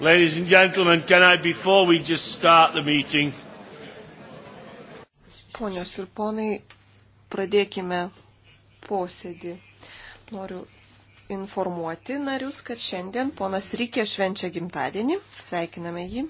Ladies and gentlemen, can I, before we just start the meeting. Ponios ir ponai, pradėkime posėdį. Noriu informuoti narius, kad šiandien ponas Rykė švenčia gimtadienį. Sveikiname jį.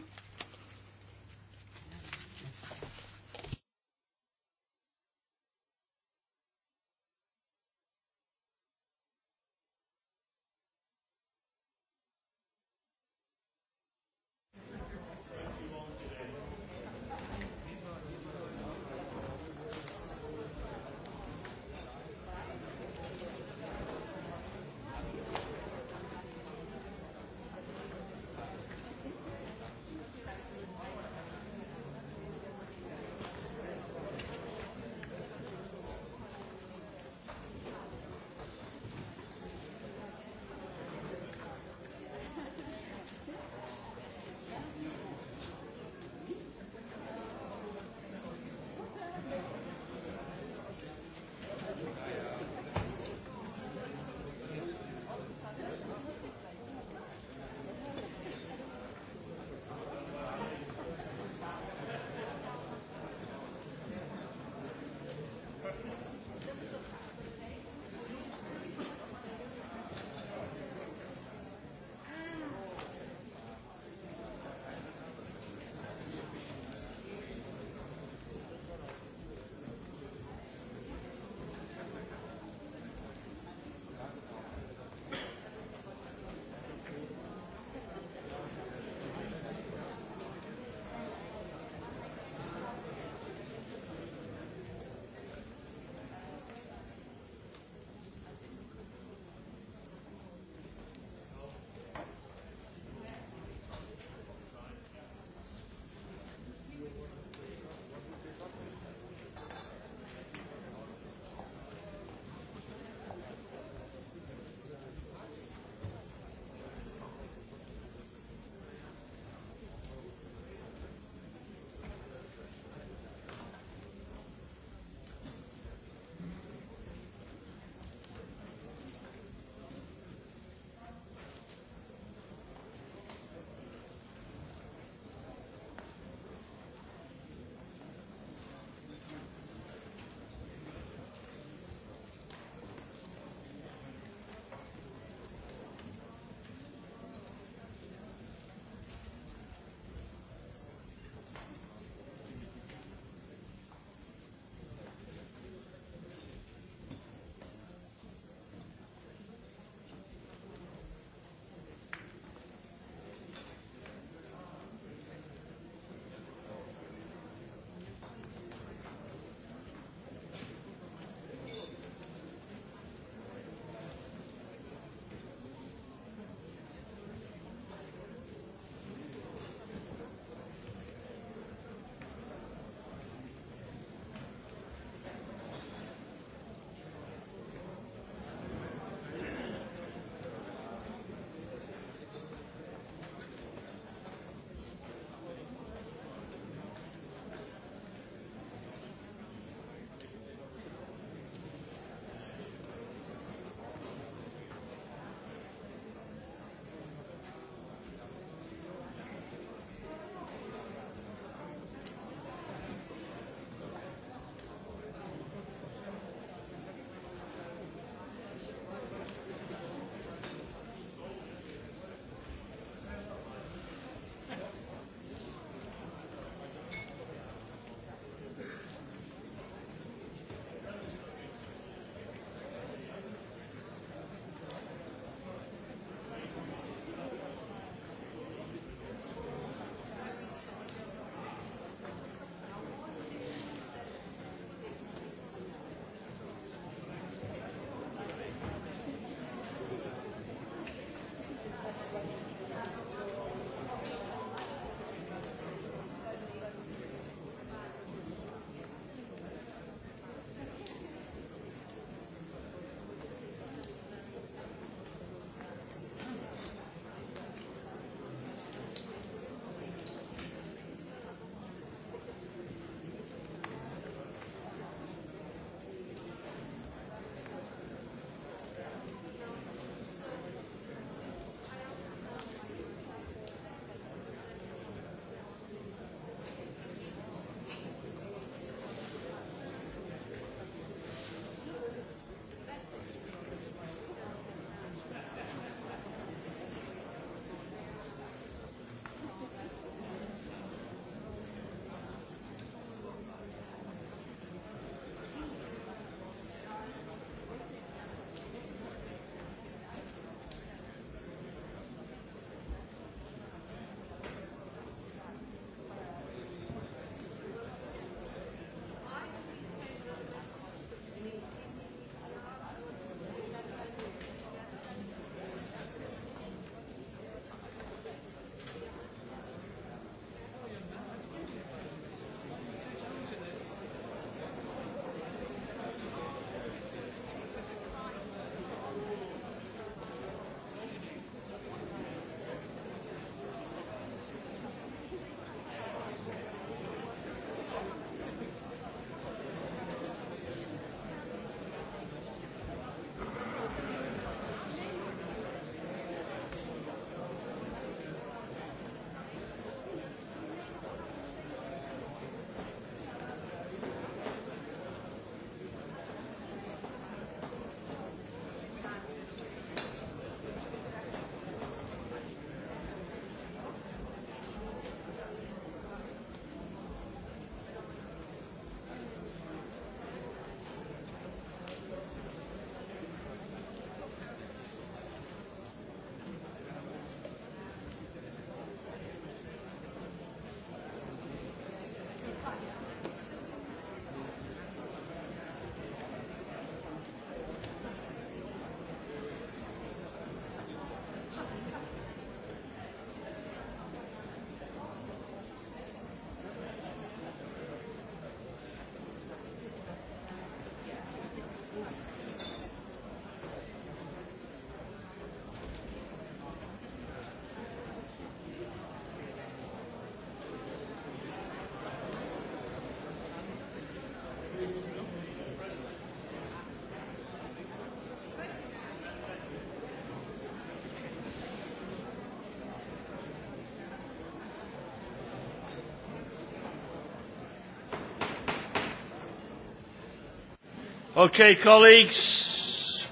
Okay, colleagues.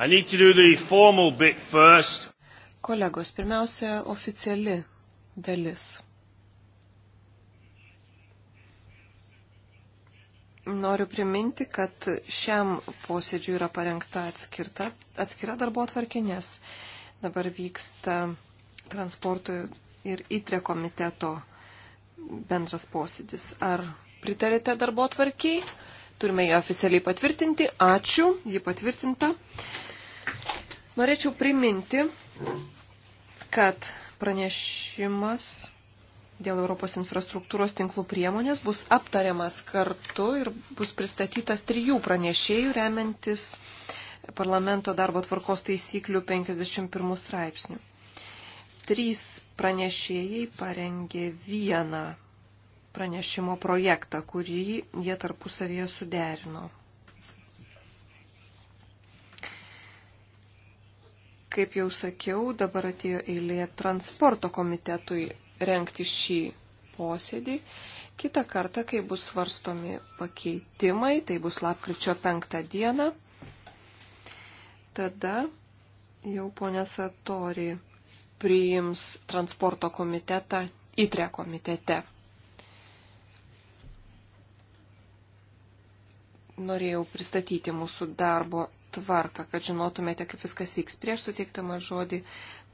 I need to do the formal bit first. Kolegos, pirmiausia, oficiali dalis. Noriu priminti, kad šiam posėdžiui yra parengta atskirta, atskira darbo atvarkė, nes dabar vyksta transporto ir įtre komiteto bendras posėdis. Ar pritarėte darbo atvarkiai? Turime ją oficialiai patvirtinti. Ačiū, ji patvirtinta. Norėčiau priminti, kad pranešimas dėl Europos infrastruktūros tinklų priemonės bus aptariamas kartu ir bus pristatytas trijų pranešėjų remiantis parlamento darbo tvarkos taisyklių 51 straipsnių. Trys pranešėjai parengė vieną pranešimo projektą, kurį jie tarpusavėje suderino. Kaip jau sakiau, dabar atėjo eilė transporto komitetui renkti šį posėdį. Kita karta, kai bus svarstomi pakeitimai, tai bus lapkričio penktą dieną, tada jau ponė Satori priims transporto komitetą įtre komitete. norėjau pristatyti mūsų darbo tvarką, kad žinotumėte, kaip viskas vyks. Prieš suteiktamą žodį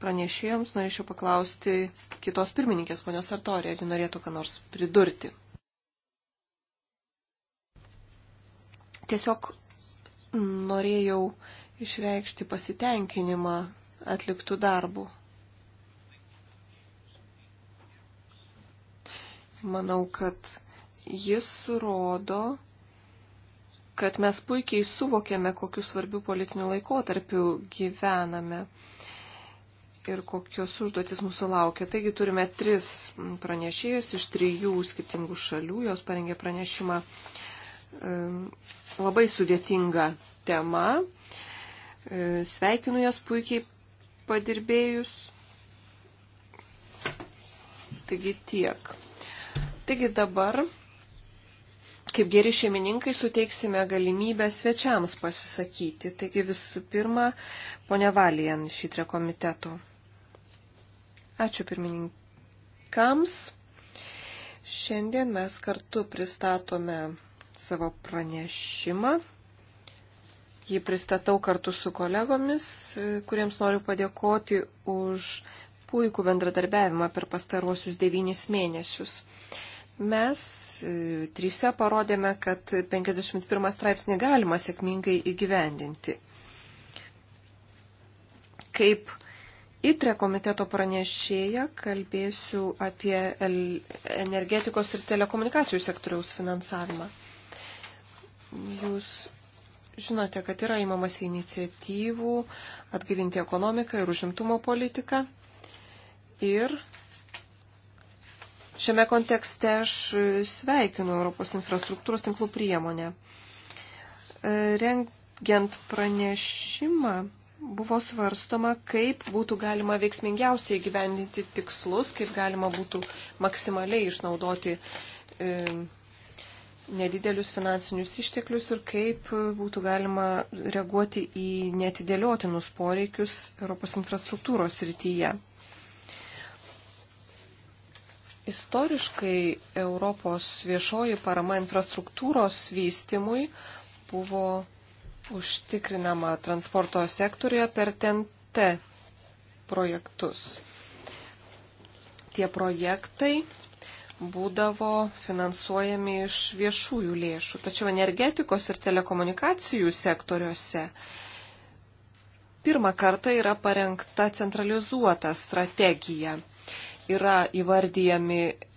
pranešėjams norėčiau paklausti kitos pirmininkės, ponios Artorė, ar ji norėtų ką nors pridurti. Tiesiog norėjau išreikšti pasitenkinimą atliktų darbų. Manau, kad jis rodo, kad mes puikiai suvokėme, kokiu svarbiu politiniu laikotarpiu gyvename ir kokios užduotis mūsų laukia. Taigi turime tris pranešėjus iš trijų skirtingų šalių, jos parengė pranešimą labai sudėtinga tema. Sveikinu jas puikiai padirbėjus. Taigi tiek. Taigi dabar kaip geri šeimininkai suteiksime galimybę svečiams pasisakyti. Taigi visų pirma, ponia Valijan šitrio komiteto. Ačiū pirmininkams. Šiandien mes kartu pristatome savo pranešimą. Jį pristatau kartu su kolegomis, kuriems noriu padėkoti už puikų bendradarbiavimą per pastaruosius devynis mėnesius. Mes e, trise parodėme, kad 51 straipsnį galima sėkmingai įgyvendinti. Kaip ITRE komiteto pranešėja kalbėsiu apie energetikos ir telekomunikacijų sektoriaus finansavimą. Jūs žinote, kad yra įmamas iniciatyvų atgyvinti ekonomiką ir užimtumo politiką. Ir Šiame kontekste aš sveikinu Europos infrastruktūros tinklų priemonę. E, rengiant pranešimą buvo svarstoma, kaip būtų galima veiksmingiausiai gyvendinti tikslus, kaip galima būtų maksimaliai išnaudoti e, nedidelius finansinius išteklius ir kaip būtų galima reaguoti į netidėliotinus poreikius Europos infrastruktūros rytyje. Istoriškai Europos viešoji parama infrastruktūros vystimui buvo užtikrinama transporto sektorija per TNT projektus. Tie projektai būdavo finansuojami iš viešųjų lėšų. Tačiau energetikos ir telekomunikacijų sektoriuose pirmą kartą yra parengta centralizuota strategija yra įvardyjami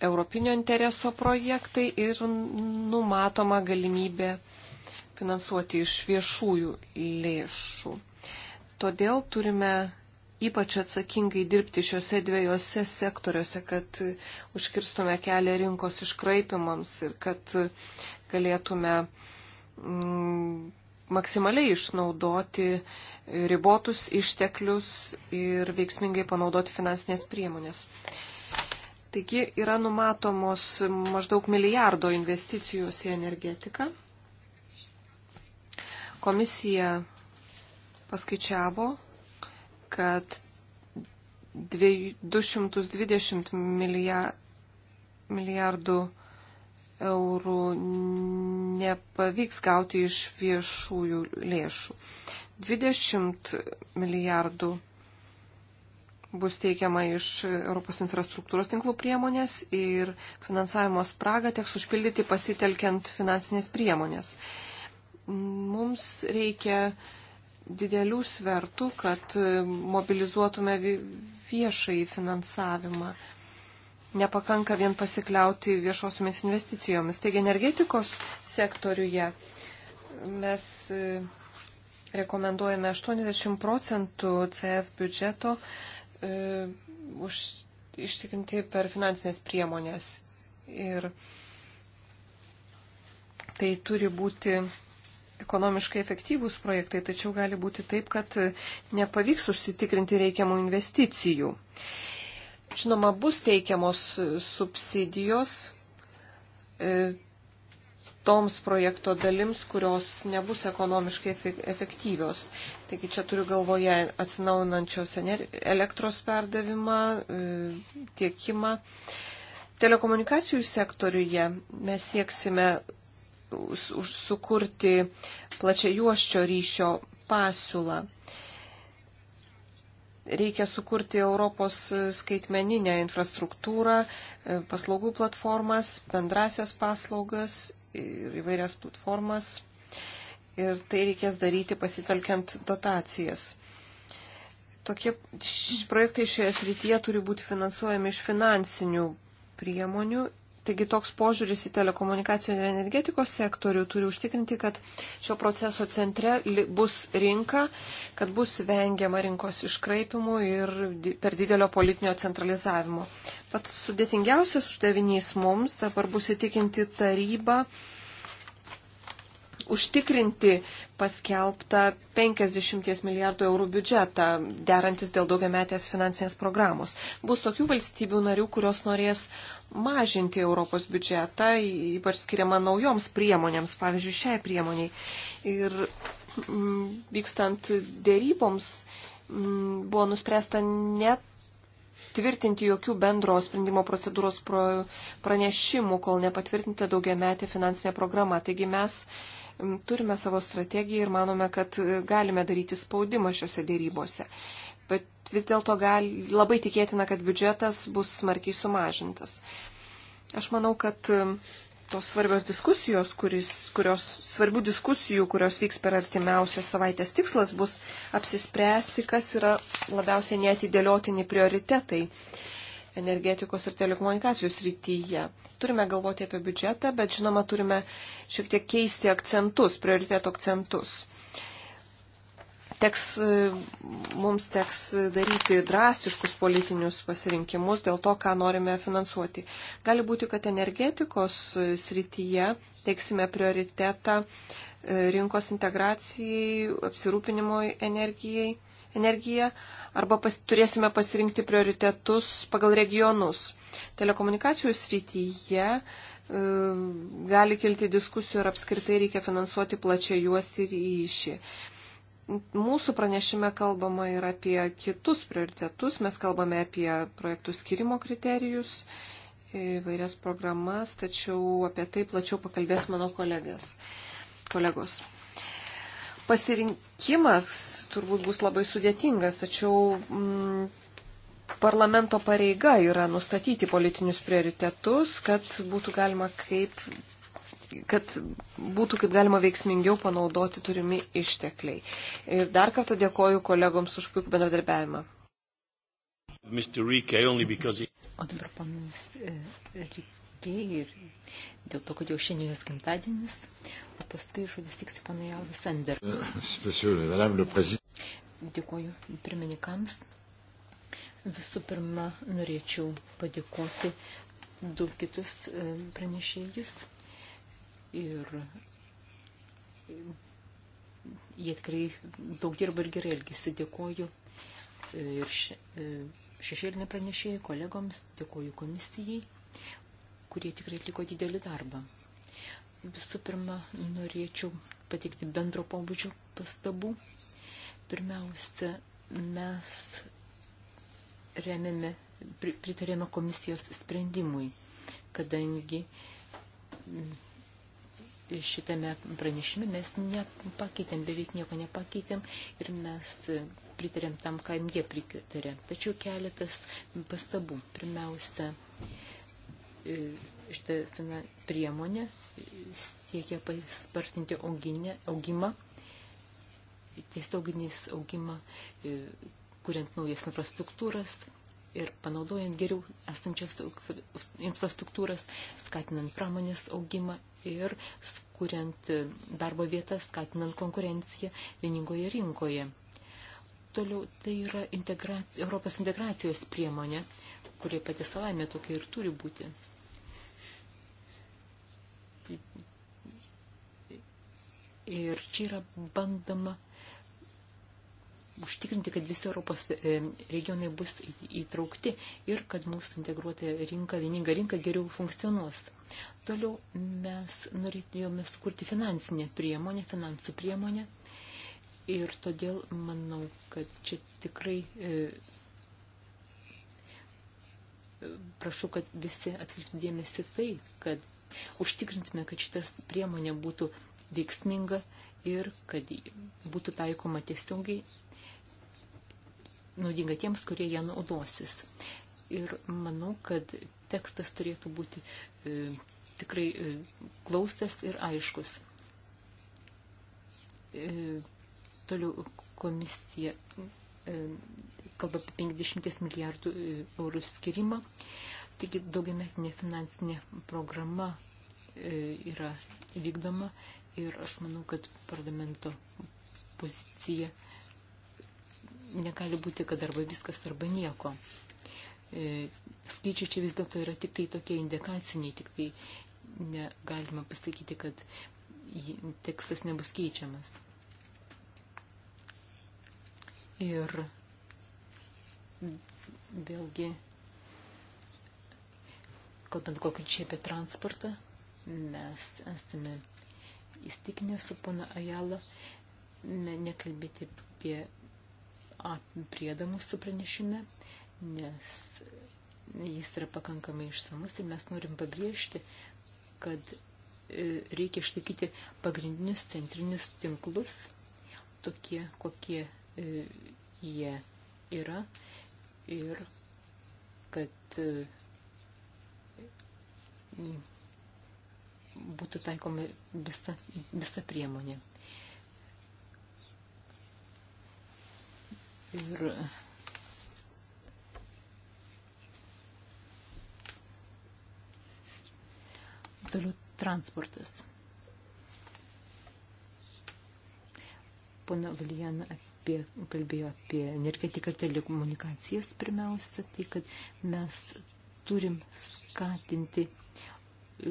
europinio intereso projektai ir numatoma galimybė finansuoti iš viešųjų lėšų. Todėl turime ypač atsakingai dirbti šiuose dviejose sektoriuose, kad užkirstume kelią rinkos iškraipimams ir kad galėtume mm, maksimaliai išnaudoti ribotus išteklius ir veiksmingai panaudoti finansinės priemonės. Taigi yra numatomos maždaug milijardo investicijos į energetiką. Komisija paskaičiavo, kad 220 milijardų eurų nepavyks gauti iš viešųjų lėšų. 20 milijardų bus teikiama iš Europos infrastruktūros tinklų priemonės ir finansavimo spragą teks užpildyti pasitelkiant finansinės priemonės. Mums reikia didelių svertų, kad mobilizuotume viešai finansavimą nepakanka vien pasikliauti viešosiomis investicijomis. Taigi energetikos sektoriuje mes e, rekomenduojame 80 procentų CF biudžeto e, už, ištikrinti per finansinės priemonės. Ir tai turi būti ekonomiškai efektyvūs projektai, tačiau gali būti taip, kad nepavyks užsitikrinti reikiamų investicijų. E, Žinoma, bus teikiamos subsidijos e, toms projekto dalims, kurios nebus ekonomiškai efektyvios. Taigi čia turiu galvoje atsinaujinančios elektros perdavimą, e, tiekimą. Telekomunikacijų sektoriuje mes sieksime sukurti plačiajuoščio ryšio pasiūlą reikia sukurti Europos skaitmeninę infrastruktūrą, e, paslaugų platformas, bendrasias paslaugas ir įvairias platformas. Ir tai reikės daryti pasitelkiant dotacijas. Tokie projektai šioje srityje turi būti finansuojami iš finansinių priemonių Taigi toks požiūris į telekomunikacijų ir energetikos sektorių turi užtikrinti, kad šio proceso centre bus rinka, kad bus vengiama rinkos iškraipimų ir per didelio politinio centralizavimo. Pats sudėtingiausias uždavinys mums dabar bus įtikinti tarybą užtikrinti paskelbtą 50 milijardų eurų biudžetą, derantis dėl daugiametės finansinės programos. Bus tokių valstybių narių, kurios norės mažinti Europos biudžetą, ypač skiriama naujoms priemonėms, pavyzdžiui, šiai priemoniai. Ir mm, vykstant dėryboms mm, buvo nuspręsta net tvirtinti jokių bendro sprendimo procedūros pranešimų, kol nepatvirtinta daugiametė finansinė programa. Taigi mes Turime savo strategiją ir manome, kad galime daryti spaudimą šiuose dėrybose. Bet vis dėlto labai tikėtina, kad biudžetas bus smarkiai sumažintas. Aš manau, kad e, tos svarbios diskusijos, kuris, kurios, svarbių diskusijų, kurios vyks per artimiausias savaitės tikslas, bus apsispręsti, kas yra labiausiai neatidėliotini prioritetai energetikos ir telekomunikacijų srityje. Turime galvoti apie biudžetą, bet žinoma, turime šiek tiek keisti akcentus, prioriteto akcentus. Teks, e, mums teks daryti drastiškus politinius pasirinkimus dėl to, ką norime finansuoti. Gali būti, kad energetikos e, srityje teiksime prioritetą e, rinkos integracijai, apsirūpinimo energijai energiją, arba pas, turėsime pasirinkti prioritetus pagal regionus. Telekomunikacijų srityje e, gali kilti diskusijų ir apskritai reikia finansuoti plačiai juosti ir įšį. Mūsų pranešime kalbama ir apie kitus prioritetus, mes kalbame apie projektų skirimo kriterijus įvairias programas, tačiau apie tai plačiau pakalbės mano kolegas, kolegos pasirinkimas turbūt bus labai sudėtingas, tačiau mm, parlamento pareiga yra nustatyti politinius prioritetus, kad būtų galima kaip kad būtų kaip galima veiksmingiau panaudoti turimi ištekliai. Ir dar kartą dėkoju kolegoms už puikų bendradarbiavimą. O dabar panas e, Rikė ir dėl to, kad jau šiandien jos gimtadienis, o paskui žodis tiks panai Alvis Sender. Dėkuoju pirmininkams. Visų pirma, norėčiau padėkoti du kitus e, pranešėjus ir jie tikrai daug dirba ir gerai elgesi. Dėkuoju e, ir e, šešėlinė pranešėjai kolegoms, dėkuoju komisijai, kurie tikrai atliko didelį darbą. Visų pirma, norėčiau pateikti bendro pobūdžio pastabų. Pirmiausia, mes remiame, pritarėme komisijos sprendimui, kadangi mm, šitame pranešime mes nepakeitėm, beveik nieko nepakeitėm ir mes pritarėm tam, ką jie pritarė. Tačiau keletas pastabų. Pirmiausia, e, šitą priemonę, siekia paspartinti auginę, augimą, tiesioginis augimą, e, kuriant naujas infrastruktūras ir panaudojant geriau esančias infrastruktūras, skatinant pramonės augimą ir kuriant e, darbo vietas, skatinant konkurenciją vieningoje rinkoje. Toliau tai yra integra Europos integracijos priemonė, kurie pati savame tokia ir turi būti. Ir čia yra bandama užtikrinti, kad visi Europos e, regionai bus įtraukti ir kad mūsų integruota rinka, vieninga rinka geriau funkcionuos. Toliau mes norėtume sukurti finansinę priemonę, finansų priemonę ir todėl manau, kad čia tikrai e, prašau, kad visi atkreiptų dėmesį tai, kad užtikrintume, kad šitas priemonė būtų veiksminga ir kad būtų taikoma tiesiogiai naudinga tiems, kurie ją naudosis. Ir manau, kad tekstas turėtų būti e, tikrai e, glaustas ir aiškus. E, toliau komisija e, kalba apie 50 milijardų e, eurų skirimą. E, Taigi daugiametinė finansinė programa e, yra vykdoma ir aš manau, kad parlamento pozicija negali būti, kad arba viskas, arba nieko. E, skaičiai čia vis dėlto yra tik tai tokie indikaciniai, tik tai negalima pasakyti, kad tekstas nebus keičiamas. Ir vėlgi kalbant kokiučiai apie transportą, mes esame įstikinę su pono Ajala ne, nekalbėti apie a, priedą mūsų pranešime, nes jis yra pakankamai išsamus ir mes norim pabrėžti, kad e, reikia išlaikyti pagrindinius centrinius tinklus, tokie, kokie e, jie yra ir kad e, būtų taikoma visa, visa priemonė. Ir toliau transportas. Pone Valijana apie, kalbėjo apie energetiką ir telekomunikacijas pirmiausia, tai kad mes turim skatinti e,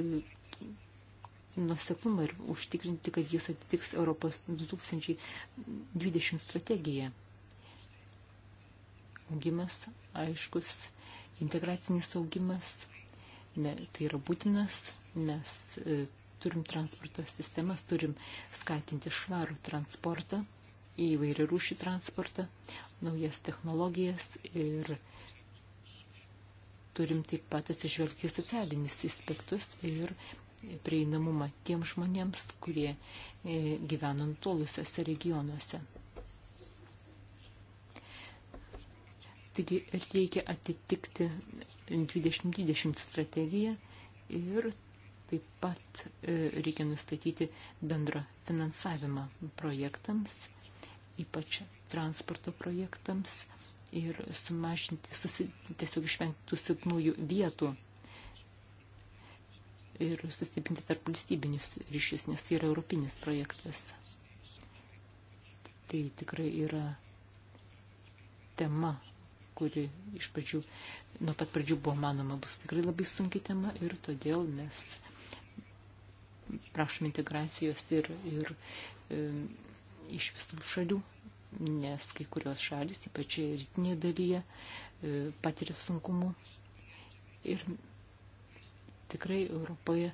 nuseklumą ir užtikrinti, kad jis atitiks Europos 2020 strategiją. Augimas, aiškus, integracinis augimas, ne, tai yra būtinas, mes e, turim transporto sistemas, turim skatinti švarų transportą, įvairią rūšį transportą, naujas technologijas ir e, turim taip pat atsižvelgti socialinius aspektus ir prieinamumą tiem žmonėms, kurie e, gyvena nutolusiuose regionuose. Taigi reikia atitikti 2020 strategiją ir taip pat e, reikia nustatyti bendrą finansavimą projektams, ypač transporto projektams ir sumažinti, susi, tiesiog išvengti tų silpnųjų vietų ir sustiprinti tarp valstybinis ryšys, nes tai yra europinis projektas. Tai tikrai yra tema, kuri iš pradžių, nuo pat pradžių buvo manoma, bus tikrai labai sunki tema ir todėl mes prašom integracijos ir, ir e, iš visų šalių nes kai kurios šalis, ypač rytinėje dalyje, e, patiria sunkumų. Ir tikrai Europoje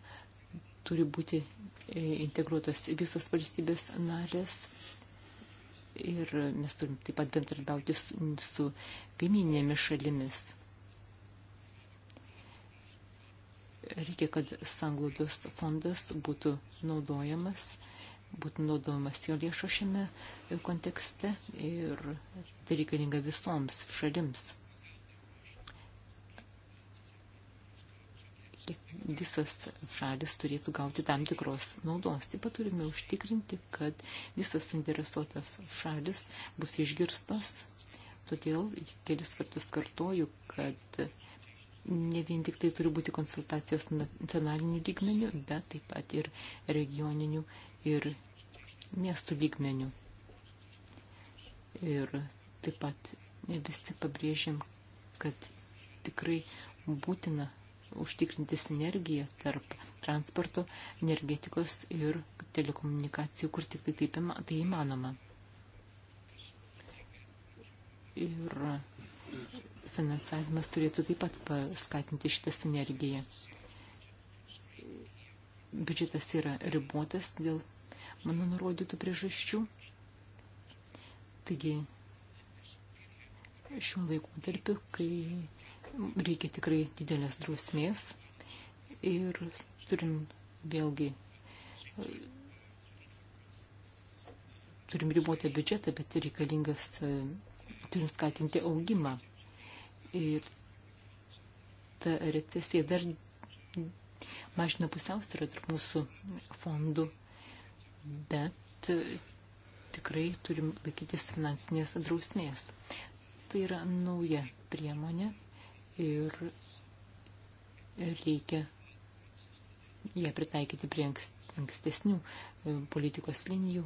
turi būti e, integruotos visos valstybės narės. Ir mes turim taip pat bendradarbiauti su, su kaiminėmis šalimis. Reikia, kad sanglaudos fondas būtų naudojamas būtų naudojamas jo lėšo šiame kontekste ir tai reikalinga visoms šalims. Visos šalis turėtų gauti tam tikros naudos. Taip pat turime užtikrinti, kad visos suinteresuotos šalis bus išgirstos. Todėl kelis kartus kartoju, kad ne vien tik tai turi būti konsultacijos nacionaliniu lygmeniu, bet taip pat ir regioniniu lygmeniu ir miestų lygmenių. Ir taip pat visi pabrėžėm, kad tikrai būtina užtikrinti sinergiją tarp transporto, energetikos ir telekomunikacijų, kur tik tai taip tai įmanoma. Ir finansavimas turėtų taip pat paskatinti šitą sinergiją biudžetas yra ribotas dėl mano nurodytų priežasčių. Taigi, šiuo laikotarpiu, kai reikia tikrai didelės drausmės ir turim vėlgi turim ribotą biudžetą, bet reikalingas, turim skatinti augimą. Ir ta recesija dar mažina pusiausvyrą tarp mūsų fondų, bet e, tikrai turim laikytis finansinės drausmės. Tai yra nauja priemonė ir reikia ją pritaikyti prie ankstesnių e, politikos linijų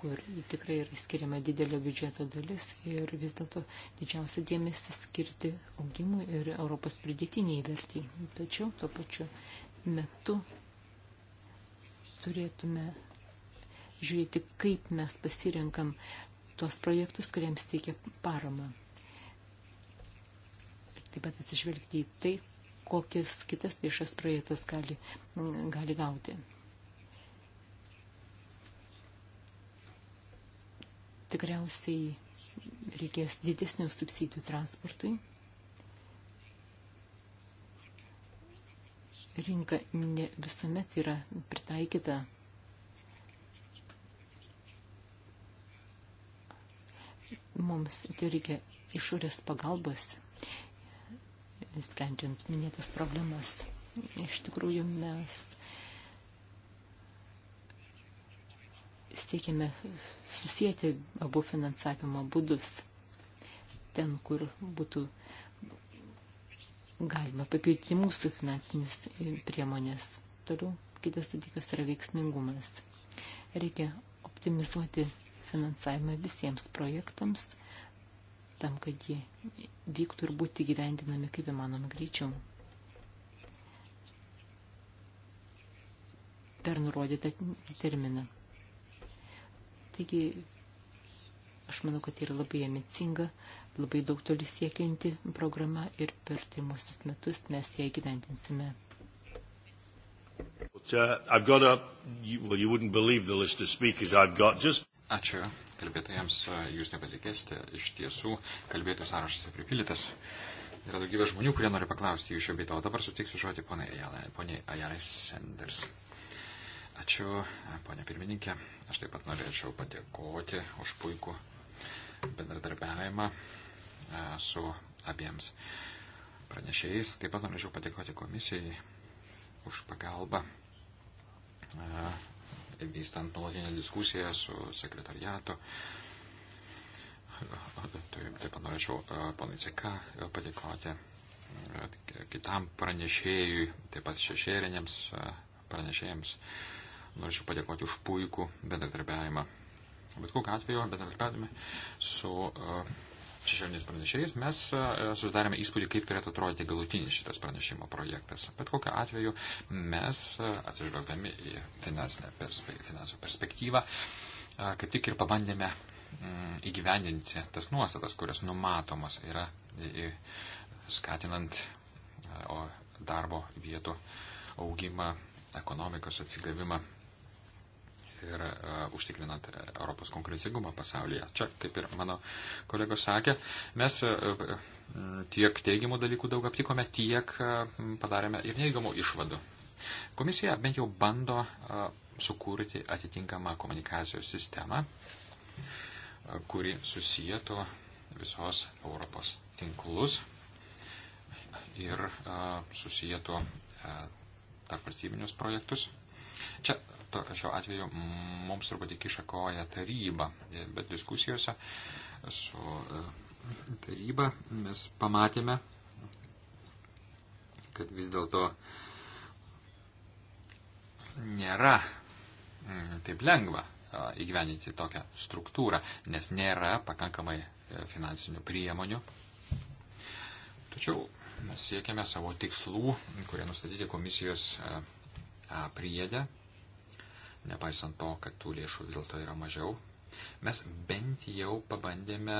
kur tikrai yra skiriama didelė biudžeto dalis ir vis dėlto didžiausia dėmesį skirti augimui ir Europos pridėtiniai vertėjai. Tačiau tuo pačiu metu turėtume žiūrėti, kaip mes pasirenkam tuos projektus, kuriems teikia paramą. Ir taip pat atsižvelgti į tai, kokias kitas viešas projektas gali, gali gauti. tikriausiai reikės didesnių subsidijų transportui. Rinka ne visuomet yra pritaikyta mums tai reikia išorės pagalbos, sprendžiant minėtas problemas. Iš tikrųjų mes siekiame susijęti abu finansavimo būdus ten, kur būtų galima papildyti mūsų finansinius priemonės. Toliau kitas dalykas yra veiksmingumas. Reikia optimizuoti finansavimą visiems projektams, tam, kad jie vyktų ir būtų gyvendinami kaip įmanoma greičiau. Per nurodytą terminą. Taigi, aš manau, kad tai yra labai emicinga, labai daug toli siekianti programa ir per pirmusius metus mes ją gyventinsime. Ačiū kalbėtojams, jūs nepatikėsite, iš tiesų kalbėtojų sąrašas yra pripildytas. Yra daugybė žmonių, kurie nori paklausti jų šio beito, o dabar sutiksiu žodį poniai Ajalai Sanders. Ačiū, ponė pirmininkė. Aš taip pat norėčiau padėkoti už puikų bendradarbiavimą e, su abiems pranešėjais. Taip pat norėčiau padėkoti komisijai už pagalbą e, vystant nuolatinę diskusiją su sekretariatu. Taip, taip pat norėčiau e, ponai Ceka padėkoti kitam pranešėjui, taip pat šešėriniams pranešėjams Norėčiau padėkoti už puikų bendradarbiavimą. Bet kokiu atveju bendradarbiavime su e, šešėliniais pranešėjais mes e, susidarėme įspūdį, kaip turėtų atrodyti galutinis šitas pranešimo projektas. Bet kokiu atveju mes, e, atsižvelgdami į finansinę perspe, finansų perspektyvą, kaip tik ir pabandėme mm, įgyvendinti tas nuostatas, kurias numatomos yra skatinant darbo vietų augimą, ekonomikos atsigavimą ir uh, užtikrinant e, Europos konkurencingumą pasaulyje. Čia, kaip ir mano kolegos sakė, mes uh, tiek teigiamų dalykų daug aptikome, tiek uh, padarėme ir neigiamų išvadų. Komisija bent jau bando uh, sukurti atitinkamą komunikacijos sistemą, uh, kuri susijėtų visos Europos tinklus ir uh, susijėtų uh, tarp valstybinius projektus Čia tokio šiuo atveju mums turbūt įkiša koja taryba, bet diskusijose su e, taryba mes pamatėme, kad vis dėlto nėra mm, taip lengva įgyveninti tokią struktūrą, nes nėra pakankamai e, finansinių priemonių. Tačiau mes siekiame savo tikslų, kurie nustatyti komisijos a, priedę, nepaisant to, kad tų lėšų vis dėlto yra mažiau, mes bent jau pabandėme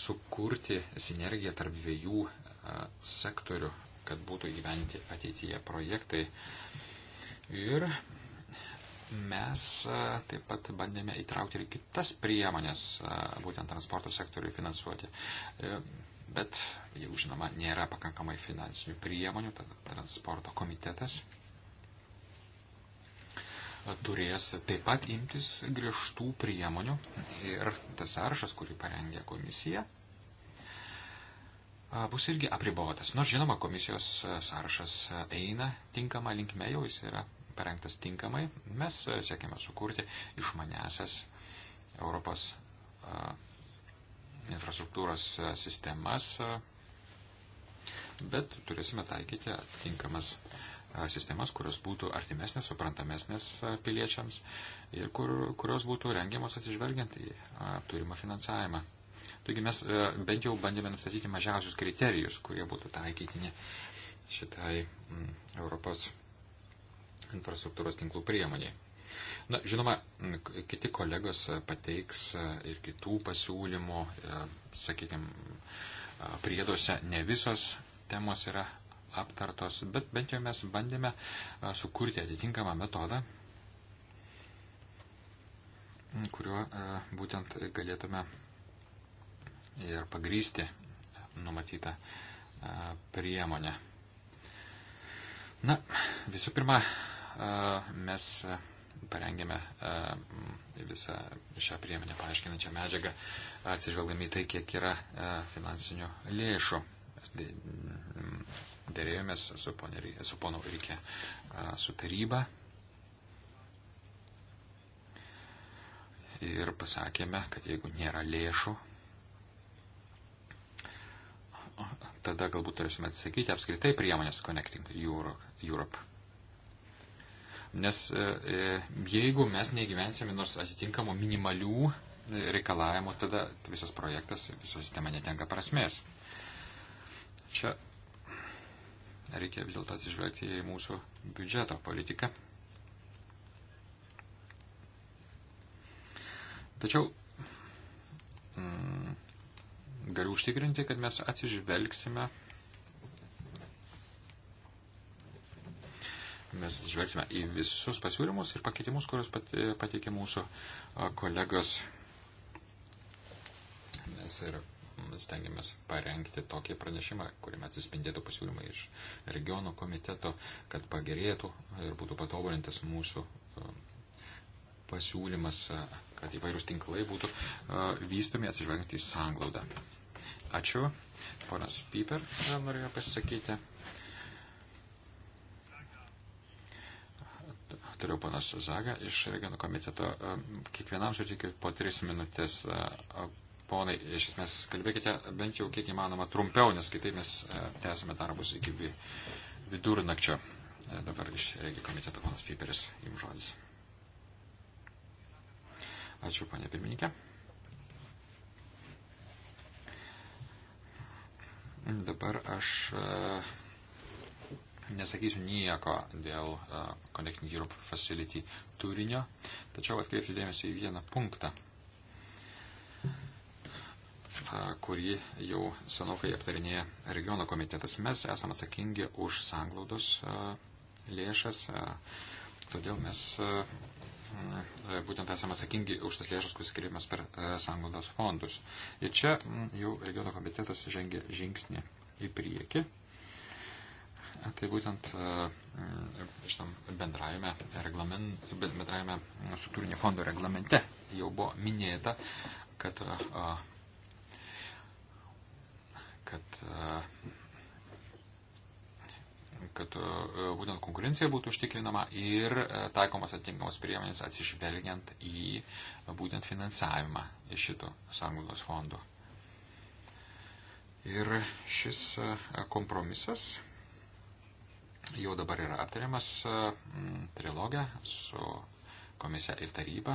sukurti sinergiją tarp dviejų a, sektorių, kad būtų įgyventi ateityje projektai. Ir mes taip pat bandėme įtraukti ir kitas priemonės būtent transporto sektoriui finansuoti. E, bet, jau žinoma, nėra pakankamai finansinių priemonių, tad transporto komitetas turės taip pat imtis griežtų priemonių ir tas sąrašas, kurį parengė komisija, bus irgi apribotas. Nors žinoma, komisijos sąrašas eina tinkama linkme, jau jis yra parengtas tinkamai. Mes siekiame sukurti išmanesias Europos infrastruktūros sistemas, bet turėsime taikyti atitinkamas uh, sistemas, kurios būtų artimesnės, suprantamesnės piliečiams ir kur, kurios būtų rengiamos atsižvelgiant į turimą finansavimą. Taigi mes bent jau bandėme nustatyti mažiausius kriterijus, kurie būtų taikytini šitai Europos infrastruktūros tinklų priemoniai. Na, žinoma, kiti kolegos pateiks ir kitų pasiūlymų, sakykime, prieduose ne visos temos yra aptartos, bet bent jau mes bandėme sukurti atitinkamą metodą, kuriuo būtent galėtume ir pagrysti numatytą priemonę. Na, visų pirma, mes parengėme visą šią priemonę paaiškinančią medžiagą, atsižvelgdami tai, kiek yra finansinių lėšų. Mes dėrėjomės su, ponė, su ponu Rykė, su taryba. Ir pasakėme, kad jeigu nėra lėšų, tada galbūt turėsime atsakyti apskritai priemonės Connecting Europe. Nes e, e, jeigu mes neįgyvensime nors atitinkamų minimalių e, reikalavimų, tada visas projektas, visa sistema netenka prasmės. Čia reikia vis dėlto atsižvelgti ir į mūsų biudžeto politiką. Tačiau mm, galiu užtikrinti, kad mes atsižvelgsime. Mes žvelgsime į visus pasiūlymus ir pakeitimus, kuriuos pateikė mūsų kolegos. Mes ir stengiamės parengti tokį pranešimą, kuriame atsispindėtų pasiūlymai iš regiono komiteto, kad pagerėtų ir būtų patobulintas mūsų um, pasiūlymas, kad įvairūs tinklai būtų uh, vystomi atsižvelgiant į sanglaudą. Ačiū. Ponas Piper norėjo pasisakyti. toliau ponas Zaga iš regionų komiteto. Um, kiekvienam suteikiu po tris minutės uh, ponai, iš esmės kalbėkite bent jau kiek įmanoma trumpiau, nes kitaip mes e, tęsime darbus iki vidurnakčio. E, dabar iš Regi komiteto panas Piperis, jums žodis. Ačiū, panė pirmininkė. Dabar aš e, nesakysiu nieko dėl Connecting Europe Facility turinio, tačiau atkreipsiu dėmesį į vieną punktą kurį jau senokai aptarinėja regiono komitetas. Mes esame atsakingi už sanglaudos lėšas, todėl mes būtent esame atsakingi už tas lėšas, kuris skiriamas per sanglaudos fondus. Ir čia jau regiono komitetas žengia žingsnį į priekį. Tai būtent šitam bendrajame, bendrajame struktūrinio fondo reglamente jau buvo minėta, kad a, kad, e, kad e, būtent konkurencija būtų užtikrinama ir e, taikomas atitinkamos priemonės atsižvelgiant į būtent finansavimą iš šito sanglaudos fondo. Ir šis kompromisas jau dabar yra aptariamas trilogė su komisija ir taryba.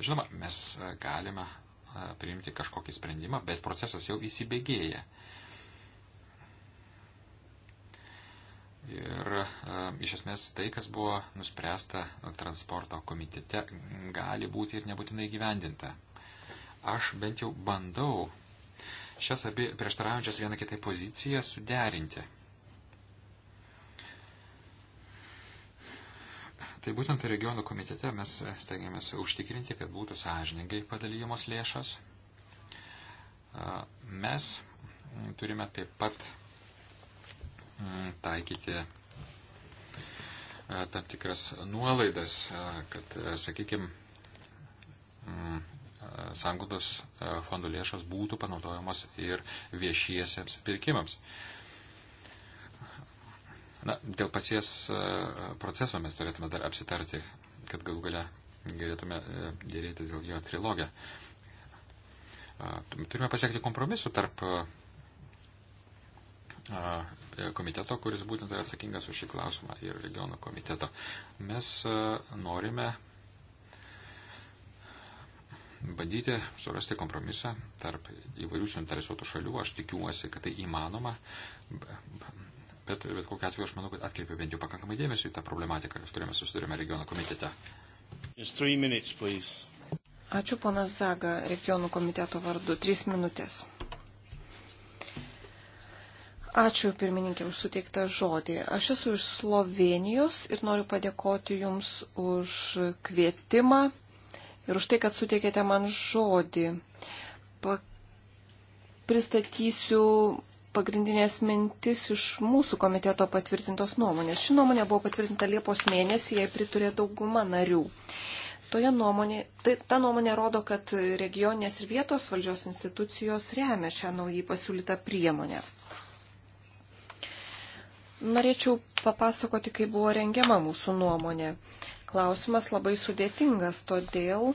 Žinoma, mes galime priimti kažkokį sprendimą, bet procesas jau įsibėgėja. Ir e, iš esmės tai, kas buvo nuspręsta transporto komitete, gali būti ir nebūtinai gyvendinta. Aš bent jau bandau šias abi prieštaraujančias vieną kitai poziciją suderinti. Tai būtent regionų komitete mes stengiamės užtikrinti, kad būtų sąžiningai padalyjamos lėšas. Mes turime taip pat mm, taikyti tam tikras nuolaidas, kad, sakykime, mm, sanglaudos fondų lėšos būtų panaudojamos ir viešiesiems pirkimams. Na, dėl paties e, proceso mes turėtume dar apsitarti, kad galų gale galėtume e, dėrėtis dėl jo trilogę. Turime pasiekti kompromisu tarp e, komiteto, kuris būtent yra atsakingas už šį klausimą, ir regiono komiteto. Mes norime bandyti surasti kompromisą tarp įvairių suinteresuotų šalių. Aš tikiuosi, kad tai įmanoma. Bet bet kokiu atveju aš manau, kad atkreipiu bent jau pakankamai dėmesį į tą problematiką, su kuria mes susidurime regiono komitete. Minutes, Ačiū, ponas Zaga, regionų komiteto vardu. Trys minutės. Ačiū pirmininkė už suteiktą žodį. Aš esu iš Slovenijos ir noriu padėkoti Jums už kvietimą ir už tai, kad suteikėte man žodį. Pa pristatysiu pagrindinės mintis iš mūsų komiteto patvirtintos nuomonės. Ši nuomonė buvo patvirtinta Liepos mėnesį, jai priturė dauguma narių. Toje nuomonė, tai, ta nuomonė rodo, kad regioninės ir vietos valdžios institucijos remia šią naujai pasiūlytą priemonę. Norėčiau papasakoti, kaip buvo rengiama mūsų nuomonė. Klausimas labai sudėtingas, todėl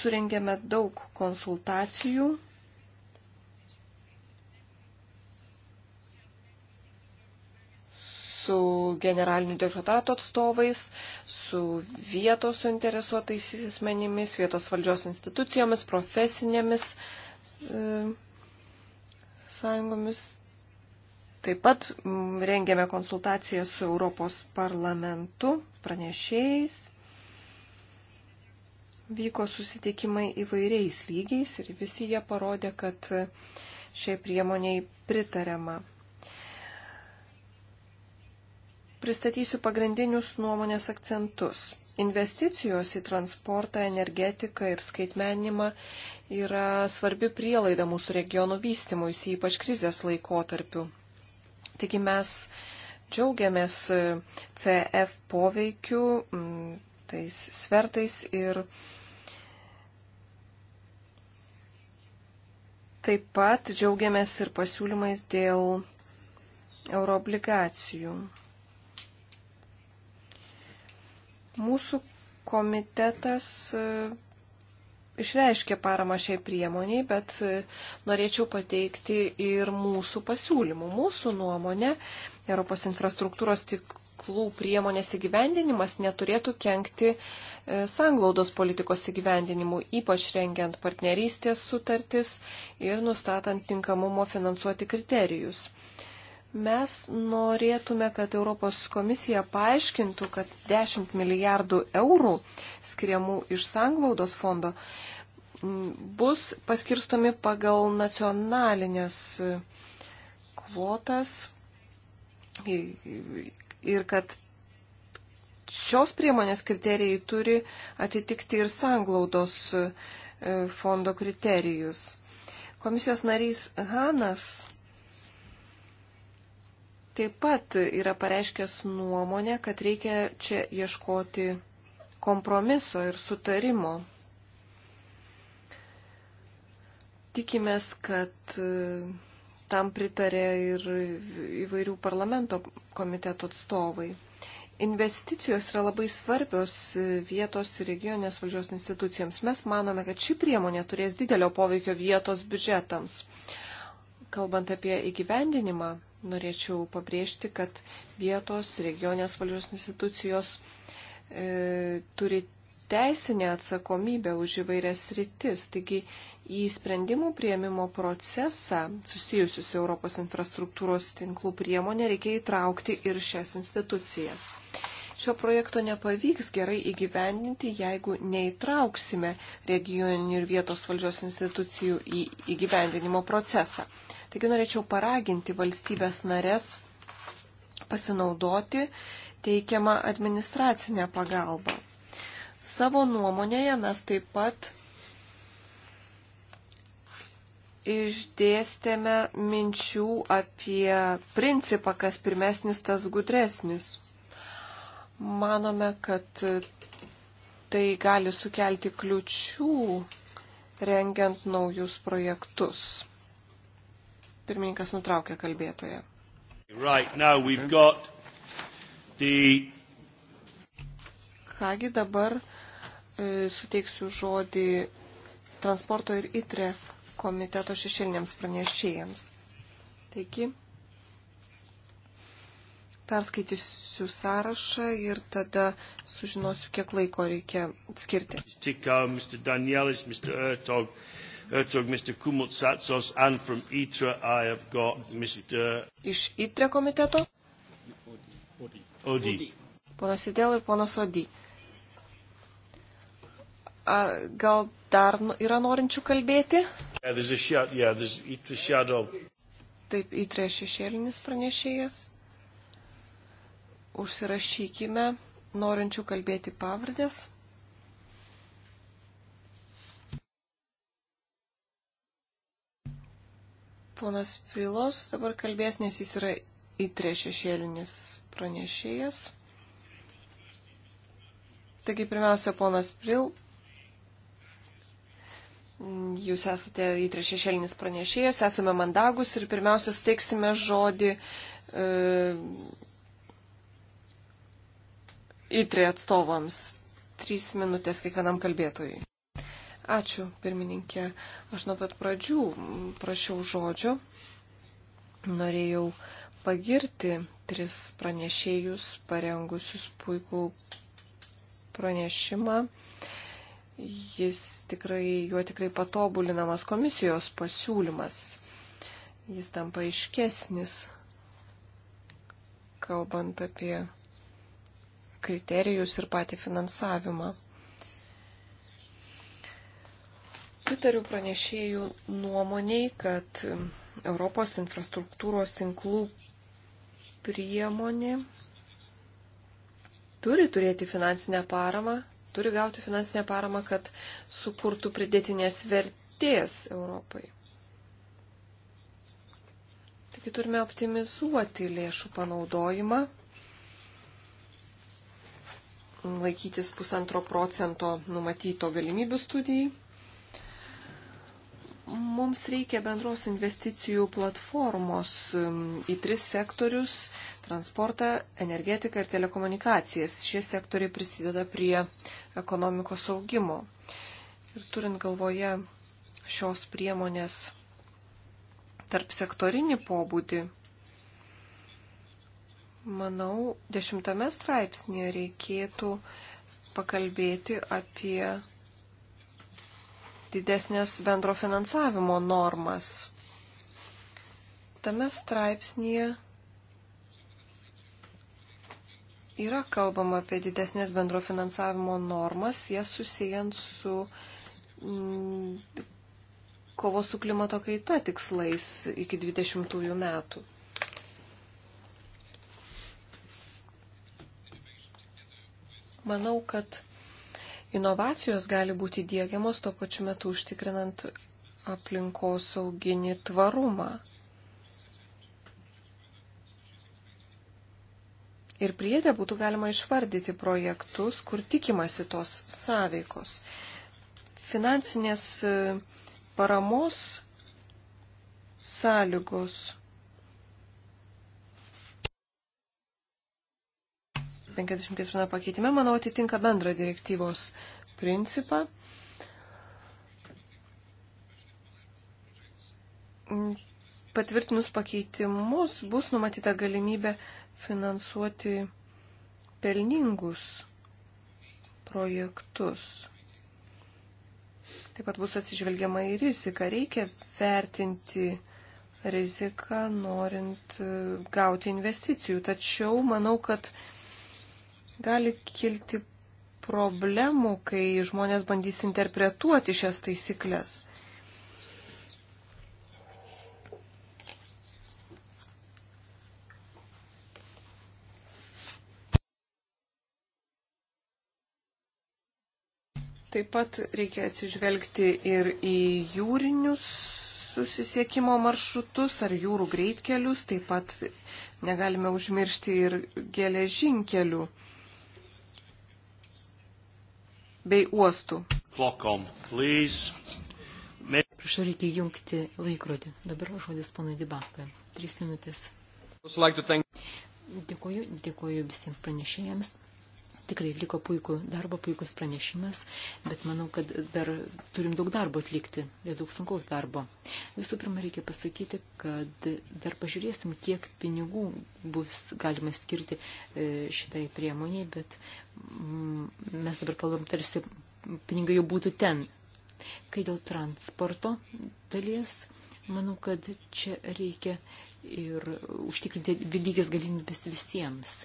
surengėme daug konsultacijų su generaliniu dekretato atstovais, su vietos suinteresuotais asmenimis, vietos valdžios institucijomis, profesinėmis e, sąjungomis. Taip pat rengėme konsultaciją su Europos parlamentu, pranešėjais. Vyko susitikimai įvairiais lygiais ir visi jie parodė, kad šiai priemoniai pritariama pristatysiu pagrindinius nuomonės akcentus. Investicijos į transportą, energetiką ir skaitmenimą yra svarbi prielaida mūsų regionų vystimui, ypač krizės laikotarpiu. Taigi mes džiaugiamės e, CF poveikiu, tais svertais ir taip pat džiaugiamės ir pasiūlymais dėl euroobligacijų. Mūsų komitetas e, išreiškė paramą šiai priemoniai, bet e, norėčiau pateikti ir mūsų pasiūlymų. Mūsų nuomonė, Europos infrastruktūros tinklų priemonės įgyvendinimas neturėtų kenkti e, sanglaudos politikos įgyvendinimu, ypač rengiant partnerystės sutartis ir nustatant tinkamumo finansuoti kriterijus. Mes norėtume, kad Europos komisija paaiškintų, kad 10 milijardų eurų skiriamų iš sanglaudos fondo bus paskirstomi pagal nacionalinės e, kvotas ir kad šios priemonės kriterijai turi atitikti ir sanglaudos e, fondo kriterijus. Komisijos narys Hanas taip pat yra pareiškęs nuomonę, kad reikia čia ieškoti kompromiso ir sutarimo. Tikimės, kad e, tam pritarė ir įvairių parlamento komiteto atstovai. Investicijos yra labai svarbios e, vietos ir regioninės valdžios institucijoms. Mes manome, kad ši priemonė turės didelio poveikio vietos biudžetams. Kalbant apie įgyvendinimą, norėčiau pabrėžti, kad vietos regionės valdžios institucijos e, turi teisinę atsakomybę už įvairias rytis. Taigi į sprendimų prieimimo procesą susijusius Europos infrastruktūros tinklų priemonę reikia įtraukti ir šias institucijas. Šio projekto nepavyks gerai įgyvendinti, jeigu neįtrauksime regioninių ir vietos valdžios institucijų į įgyvendinimo procesą. Taigi norėčiau paraginti valstybės narės pasinaudoti teikiamą administracinę pagalbą. Savo nuomonėje mes taip pat išdėstėme minčių apie principą, kas pirmesnis, tas gudresnis. Manome, kad tai gali sukelti kliučių rengiant naujus projektus. Pirmininkas nutraukė kalbėtoje. Right, the... Kągi dabar e, suteiksiu žodį transporto ir ITRE komiteto šešėliniams pranešėjams. Taigi, perskaitysiu sąrašą ir tada sužinosiu, kiek laiko reikia skirti. Mr. Tikau, uh, Mr. Danielis, Mr. Ertog, Hertog, Mr. Kumut Satsos, and from ITRA I have got Mr. Iš ITRA komiteto? Odi. Ponas Idėl ir ponas Odi. Ar gal dar yra norinčių kalbėti? Yeah, shadow, yeah, Taip, įtrė šešėlinis pranešėjas. Užsirašykime norinčių kalbėti pavardės. Ponas Pilos dabar kalbės, nes jis yra įtrė šešėlinis pranešėjas. Taigi pirmiausia, ponas Pril, jūs esate įtrė šešėlinis pranešėjas, esame mandagus ir pirmiausia, suteiksime žodį e, įtrė atstovams. Trys minutės kiekvienam kalbėtojui. Ačiū, pirmininkė. Aš nuo pat pradžių prašiau žodžio. Norėjau pagirti tris pranešėjus, parengusius puikų pranešimą. Jis tikrai, juo tikrai patobulinamas komisijos pasiūlymas. Jis tampa aiškesnis, kalbant apie kriterijus ir patį finansavimą. Pritariu pranešėjų nuomoniai, kad Europos infrastruktūros tinklų priemonė turi turėti finansinę paramą, turi gauti finansinę paramą, kad sukurtų pridėtinės vertės Europai. Taigi turime optimizuoti lėšų panaudojimą, laikytis pusantro procento numatyto galimybių studijai Mums reikia bendros investicijų platformos um, į tris sektorius - transportą, energetiką ir telekomunikacijas. Šie sektoriai prisideda prie ekonomikos augimo. Ir turint galvoje šios priemonės tarp sektorinį pobūdį, manau, dešimtame straipsnėje reikėtų pakalbėti apie didesnės bendro finansavimo normas. Tame straipsnėje yra kalbama apie didesnės bendro finansavimo normas, jas susijęs su m, mm, kovos su klimato kaita tikslais iki 20 metų. Manau, kad Inovacijos gali būti dėgiamos tuo pačiu metu užtikrinant aplinkos sauginį tvarumą. Ir priedę būtų galima išvardyti projektus, kur tikimasi tos sąveikos. Finansinės e, paramos sąlygos 54 pakeitime, manau, atitinka bendrą direktyvos principą. Mm, patvirtinus pakeitimus bus numatyta galimybė finansuoti pelningus projektus. Taip pat bus atsižvelgiama į riziką. Reikia vertinti riziką norint e, gauti investicijų. Tačiau manau, kad gali kilti problemų, kai žmonės bandys interpretuoti šias taisyklės. Taip pat reikia atsižvelgti ir į jūrinius susisiekimo maršrutus ar jūrų greitkelius, taip pat negalime užmiršti ir geležinkelių bei uostų. Plokom, Prašau, reikia jungti laikrodį. Dabar žodis ponui Dibakui. Trys minutės. Dėkuoju, dėkuoju visiems pranešėjams tikrai liko puikų darbą, puikus pranešimas, bet manau, kad dar turim daug darbo atlikti, daug sunkaus darbo. Visų pirma, reikia pasakyti, kad dar pažiūrėsim, kiek pinigų bus galima skirti e, šitai priemoniai, bet mm, mes dabar kalbam tarsi pinigai jau būtų ten. Kai dėl transporto dalies, manau, kad čia reikia ir užtikrinti lygės galimybės visiems.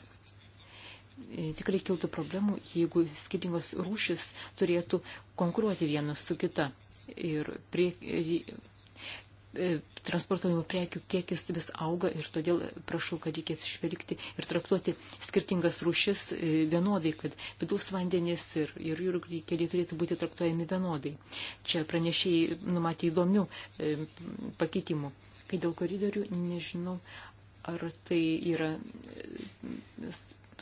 E, tikrai kiltų problemų, jeigu skirtingos rūšis turėtų konkuruoti vienas su kita. Ir prie, e, transportuojamų prekių kiekis vis auga ir todėl prašau, kad reikia atsižvelgti ir traktuoti skirtingas rūšis e, vienodai, kad vidaus vandenys ir, ir jūrų keliai turėtų būti traktuojami vienodai. Čia pranešėjai numatė įdomių e, pakeitimų. Kai dėl koridorių, nežinau, ar tai yra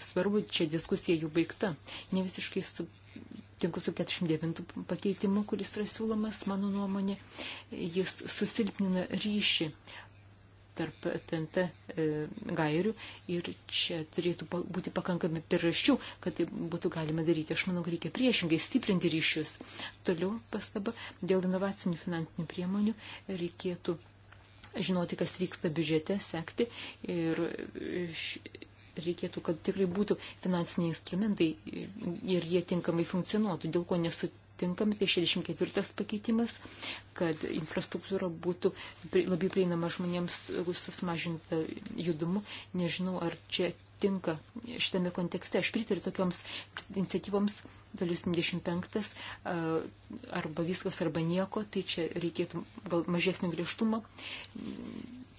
svarbu, čia diskusija jų baigta. Ne visiškai sutinku su 49 pakeitimu, kuris yra siūlomas, mano nuomonė, jis susilpnina ryšį tarp TNT e, gairių ir čia turėtų būti pakankami priežasčių, kad tai būtų galima daryti. Aš manau, reikia priešingai stiprinti ryšius. Toliau pastaba, dėl inovacinių finansinių priemonių reikėtų žinoti, kas vyksta biudžete, sekti ir reikėtų, kad tikrai būtų finansiniai instrumentai ir jie tinkamai funkcionuotų. Dėl ko nesutinkam, tai 64 pakeitimas, kad infrastruktūra būtų labai prieinama žmonėms su sumažinta judumu. Nežinau, ar čia tinka šitame kontekste. Aš pritariu tokioms iniciatyvoms. Dalis 25 arba viskas arba nieko, tai čia reikėtų gal mažesnį griežtumą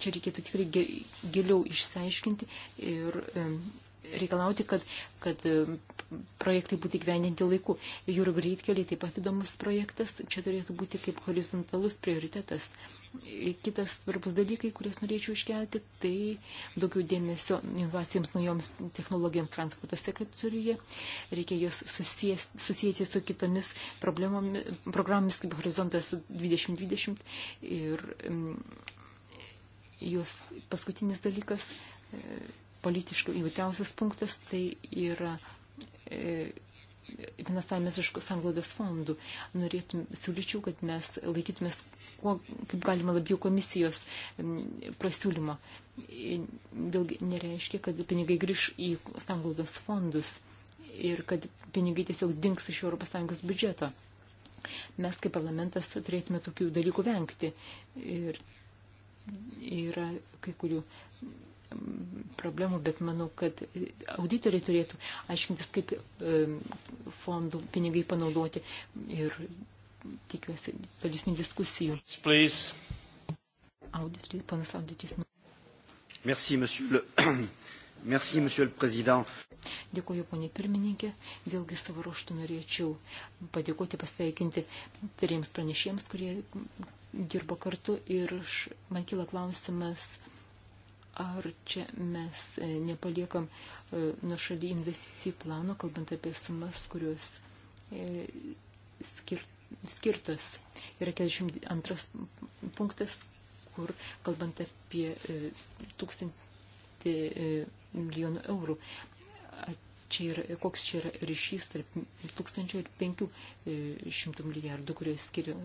čia reikėtų tikrai giliau išsiaiškinti ir reikalauti, kad, kad projektai būtų gyveninti laiku. Jūrų greitkeliai taip pat įdomus projektas, čia turėtų būti kaip horizontalus prioritetas. Kitas svarbus dalykai, kuriuos norėčiau iškelti, tai daugiau dėmesio inovacijoms naujoms technologijoms transporto sekretoriuje. Reikia jos susijęti su kitomis programomis kaip Horizontas 2020 ir mm, Jūs paskutinis dalykas, e, politiškai jautriausias punktas, tai yra e, finansavimas iš sanglaudos fondų. Norėtum, siūlyčiau, kad mes laikytumės, kuo, kaip galima labiau komisijos prasiūlymo. E, vėlgi nereiškia, kad pinigai grįž į sanglaudos fondus ir kad pinigai tiesiog dinks iš ES biudžeto. Mes kaip parlamentas turėtume tokių dalykų vengti. Ir yra kai kurių problemų, bet manau, kad auditoriai turėtų aiškintis, kaip fondų pinigai panaudoti ir tikiuosi tolesnių diskusijų. Please. Auditoriai, panas auditorius. Merci, monsieur le... Merci, monsieur le président. Dėkuoju, ponė pirmininkė. Vėlgi savo ruoštų norėčiau padėkoti, pasveikinti tariems pranešėjams, kurie dirbo kartu ir man kyla klausimas, ar čia mes e, nepaliekam e, nuo šalį investicijų plano, kalbant apie sumas, kurios e, skirt, skirtas. Yra 42 punktas, kur kalbant apie tūkstantį milijonų eurų. Čia yra, koks čia yra ryšys tarp tūkstančio ir penkių šimtų milijardų, kurios skiria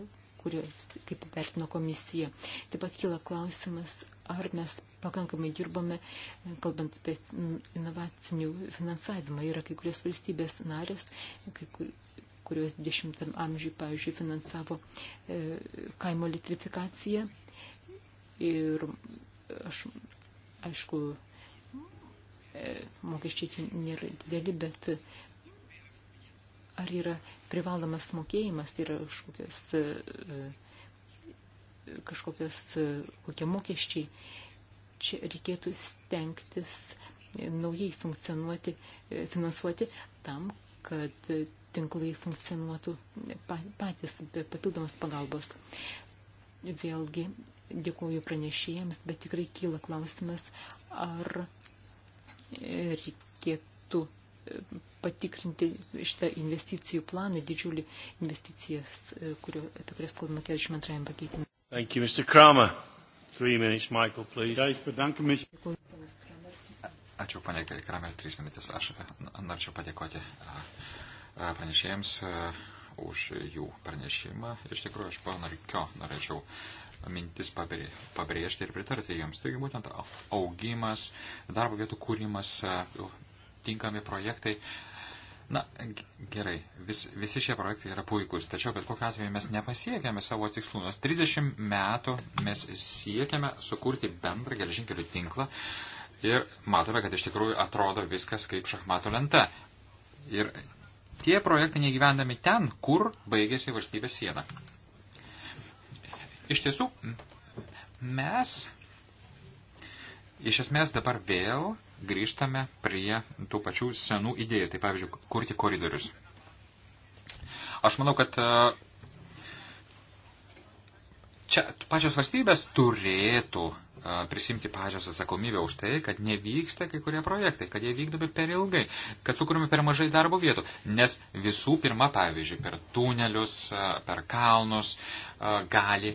kurios, kaip vertino komisija. Taip pat kyla klausimas, ar mes pakankamai dirbame, kalbant apie inovacinių finansavimą. Yra kai kurios valstybės narės, kai kur, kurios 20 amžiui, pavyzdžiui, finansavo e, kaimo elektrifikaciją. Ir aš, aišku, e, mokesčiai nėra dideli, bet ar yra privalomas mokėjimas, tai yra kažkokios, e, kažkokios e, kokie mokesčiai. Čia reikėtų stengtis naujai funkcionuoti, e, finansuoti tam, kad tinklai funkcionuotų patys be papildomos pagalbos. Vėlgi dėkuoju pranešėjams, bet tikrai kyla klausimas, ar reikėtų patikrinti šitą investicijų planą, didžiulį investicijas, e, kurio, apie kurias kalbame 42 pakeitimą. Thank you, Mr. Kramer. Three minutes, Michael, please. Ačiū, panė Kramer, trys minutės. Aš e, norėčiau padėkoti e, pranešėjams už jų pranešimą. Iš tikrųjų, aš pono Rikio norėčiau mintis pabrėžti ir pritarti jiems. Taigi būtent augimas, darbo vietų kūrimas, tinkami projektai Na, gerai, Vis, visi šie projektai yra puikūs, tačiau bet kokiu atveju mes nepasiekėme savo tikslų. Nors 30 metų mes siekiame sukurti bendrą geležinkelių tinklą ir matome, kad iš tikrųjų atrodo viskas kaip šachmato lenta. Ir tie projektai negyvendami ten, kur baigėsi valstybės siena. Iš tiesų, mes iš esmės dabar vėl grįžtame prie tų pačių senų idėjų, tai pavyzdžiui, kurti koridorius. Aš manau, kad e, čia pačios valstybės turėtų e, prisimti pačios atsakomybę už tai, kad nevyksta kai kurie projektai, kad jie vykdomi per ilgai, kad sukūrėme per mažai darbo vietų. Nes visų pirma, pavyzdžiui, per tunelius, e, per kalnus gali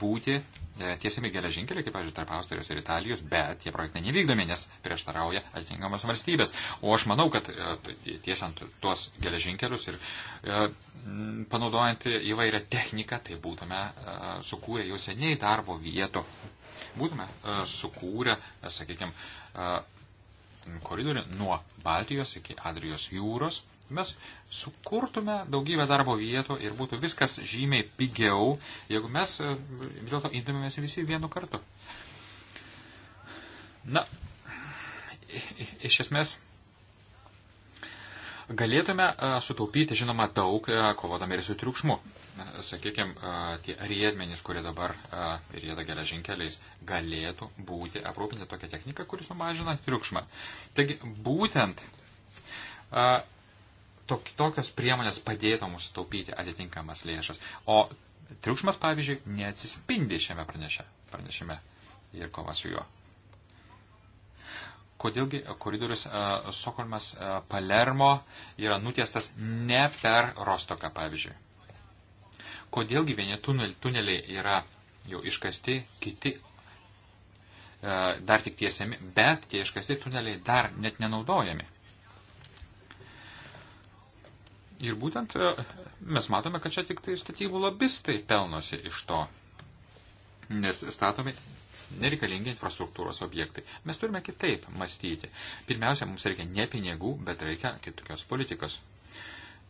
būti E, tiesiami geležinkeliai, kaip, pavyzdžiui, tarp Austrijos ir Italijos, bet tie projektai nevykdomi, nes prieštarauja atitinkamos valstybės. O aš manau, kad e, tiesiant tuos geležinkelius ir e, panaudojant įvairią techniką, tai būtume sukūrę jau seniai darbo vietų. Būtume sukūrę, sakykime, koridorių nuo Baltijos iki Adrijos jūros mes sukurtume daugybę darbo vietų ir būtų viskas žymiai pigiau, jeigu mes e, vis dėlto imtumėmės visi vienu kartu. Na, iš esmės. Galėtume e, sutaupyti, žinoma, daug, e, kovodami ir su triukšmu. Sakykime, tie riedmenys, kurie dabar rieda geležinkeliais, galėtų būti aprūpinti tokia technika, kuris sumažina triukšmą. Taigi, būtent tok, tokios priemonės padėtų mums taupyti atitinkamas lėšas. O triukšmas, pavyzdžiui, neatsispindi šiame praneše, pranešime ir kova su juo. Kodėlgi koridorius uh, e, Sokolmas uh, e, Palermo yra nutiestas ne per Rostoką, pavyzdžiui. Kodėlgi vieni tuneliai yra jau iškasti, kiti uh, dar tik tiesiami, bet tie iškasti tuneliai dar net nenaudojami. Ir būtent e, mes matome, kad čia tik tai statybų lobistai pelnosi iš to, nes statomi nereikalingi infrastruktūros objektai. Mes turime kitaip mąstyti. Pirmiausia, mums reikia ne pinigų, bet reikia kitokios politikos.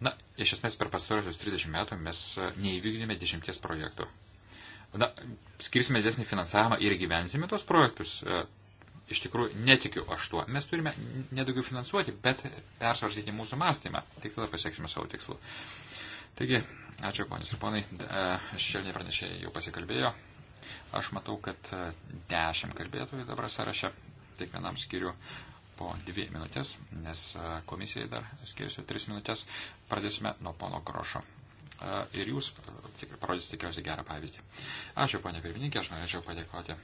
Na, iš esmės per pastarosius 30 metų mes e, neįvykdėme dešimties projektų. Na, skirsime desnį finansavimą ir gyvensime tos projektus e, iš tikrųjų netikiu aš tuo. Mes turime nedaugiau finansuoti, bet persvarsyti mūsų mąstymą. Tik tada pasieksime savo tikslų. Taigi, ačiū ponės ir ponai. E, šešėliniai pranešėjai jau pasikalbėjo. Aš matau, kad e, dešimt kalbėtojų dabar sąraše. Tik vienam skiriu po dvi minutės, nes e, komisijai dar skirsiu tris minutės. Pradėsime nuo pono Grošo ir jūs parodysite tikriausiai gerą pavyzdį. Ačiū, ponė pirmininkė, aš norėčiau padėkoti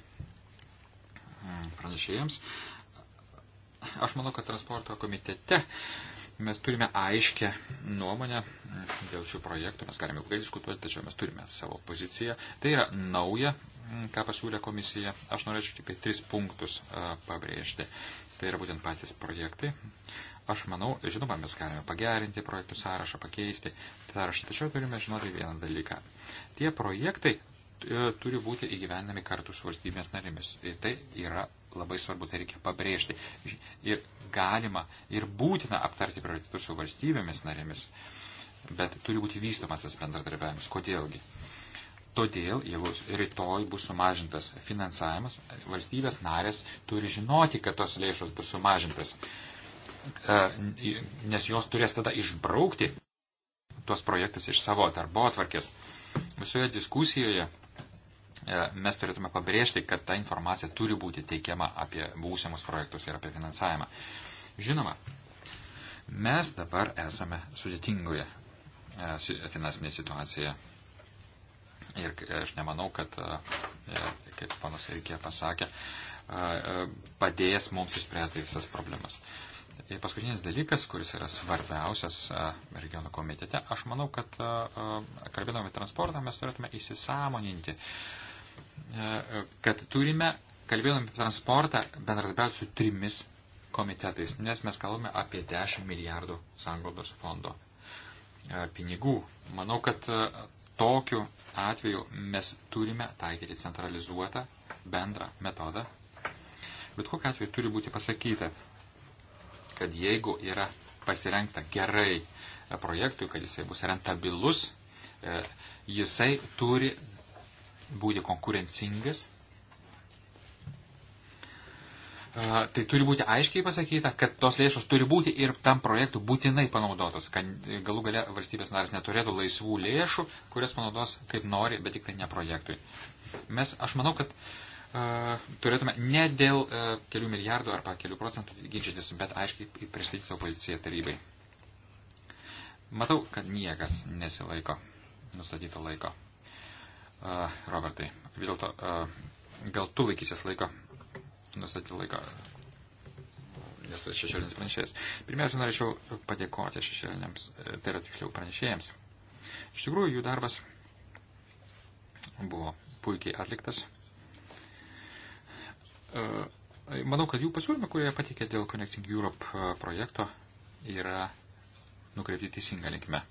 Mm, pranešėjams. Aš manau, kad transporto komitete mes turime aiškę nuomonę dėl šių projektų. Mes galime ilgai diskutuoti, tačiau mes turime savo poziciją. Tai yra nauja, mm, ką pasiūlė komisija. Aš norėčiau tik tai tris punktus e, pabrėžti. Tai yra būtent patys projektai. Aš manau, žinoma, mes galime pagerinti projektų sąrašą, pakeisti sąrašą, tačiau turime žinoti vieną dalyką. Tie projektai E, turi būti įgyvenami kartu su valstybės narėmis. Ir tai yra labai svarbu, tai reikia pabrėžti. Ir galima ir būtina aptarti prioritetus su valstybėmis narėmis, bet turi būti vystomas tas bendradarbiavimas. Kodėlgi? Todėl, jeigu rytoj bus sumažintas finansavimas, valstybės narės turi žinoti, kad tos lėšos bus sumažintas, e, nes jos turės tada išbraukti tuos projektus iš savo darbo atvarkės. Visoje diskusijoje E, mes turėtume pabrėžti, kad ta informacija turi būti teikiama apie būsimus projektus ir apie finansavimą. Žinoma, mes dabar esame sudėtingoje e, finansinėje situacijoje. Ir aš nemanau, kad, e, kaip panas Reikė pasakė, padės mums išspręsti visas problemas. Ir paskutinis dalykas, kuris yra svarbiausias regionų komitete, aš manau, kad kalbėdami transportą mes turėtume įsisamoninti, E, kad turime, kalbėdami apie transportą, bendradarbiauti su trimis komitetais, nes mes kalbame apie 10 milijardų sanglaudos fondo e, pinigų. Manau, kad e, tokiu atveju mes turime taikyti centralizuotą bendrą metodą. Bet kokiu atveju turi būti pasakyta, kad jeigu yra pasirengta gerai projektui, kad jisai bus rentabilus, jisai turi būti konkurencingas. Tai turi būti aiškiai pasakyta, kad tos lėšos turi būti ir tam projektui būtinai panaudotos, kad galų gale valstybės narės neturėtų laisvų lėšų, kurias panaudos kaip nori, bet tik tai ne projektui. Mes, aš manau, kad uh, turėtume ne dėl uh, kelių milijardų arba kelių procentų ginčytis, bet aiškiai pristatyti savo poziciją tarybai. Matau, kad niekas nesilaiko nustatyto laiko. Uh, Robertai, vis dėlto, uh, gal tu laikysies laiko, nustatyti laiką, nes tu esi šešėlinis pranešėjas. Pirmiausia, norėčiau padėkoti šešėliniams, e, tai yra tiksliau pranešėjams. Iš tikrųjų, jų darbas buvo puikiai atliktas. Uh, manau, kad jų pasiūlymai, kurie patikė dėl Connecting Europe e, projekto, yra nukreipti teisinga linkme.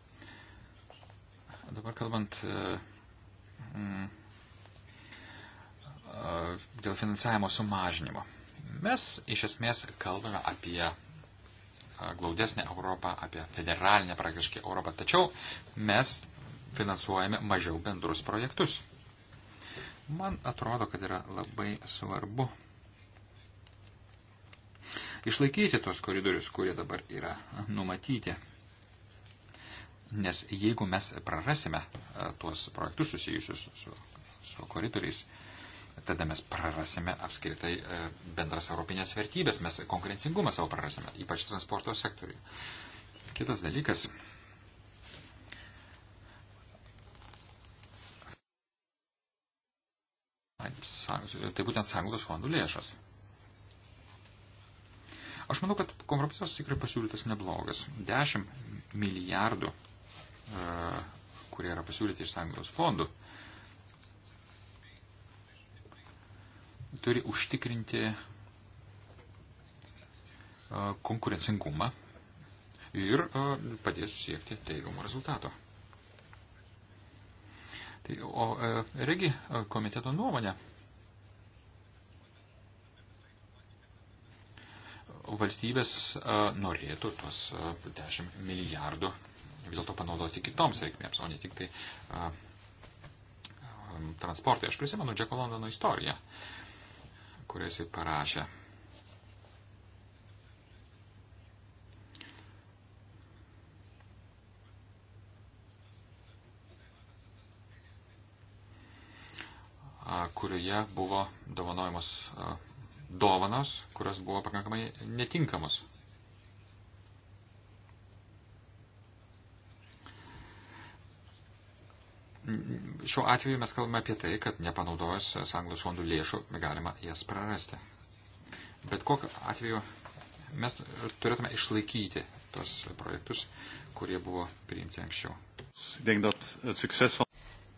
Dabar kalbant. Uh, dėl finansavimo sumažinimo. Mes iš esmės kalbame apie glaudesnę Europą, apie federalinę praktiškai Europą, tačiau mes finansuojame mažiau bendrus projektus. Man atrodo, kad yra labai svarbu išlaikyti tos koridorius, kurie dabar yra numatyti Nes jeigu mes prarasime e, tuos projektus susijusius su, su koridoriais, tada mes prarasime apskritai e, bendras europinės vertybės, mes konkurencingumą savo prarasime, ypač transporto sektoriui. Kitas dalykas. Tai būtent sąjungos fondų lėšas. Aš manau, kad kompromisas tikrai pasiūlytas neblogas. 10 milijardų kurie yra pasiūlyti iš sąjungos fondų, turi užtikrinti konkurencingumą ir padės siekti teigiamų rezultato. Tai, o e, regi komiteto nuomonė valstybės norėtų tuos 10 milijardų vis dėlto panaudoti kitoms reikmėms, o ne tik tai a, a, transportai. Aš prisimenu Džeko Londono istoriją, kurią jisai parašė. A, kurioje buvo dovanojamos dovanos, kurios buvo pakankamai netinkamos šiuo atveju mes kalbame apie tai, kad nepanaudojus sąjungos fondų lėšų galima jas prarasti. Bet kokiu atveju mes turėtume išlaikyti tos projektus, kurie buvo priimti anksčiau.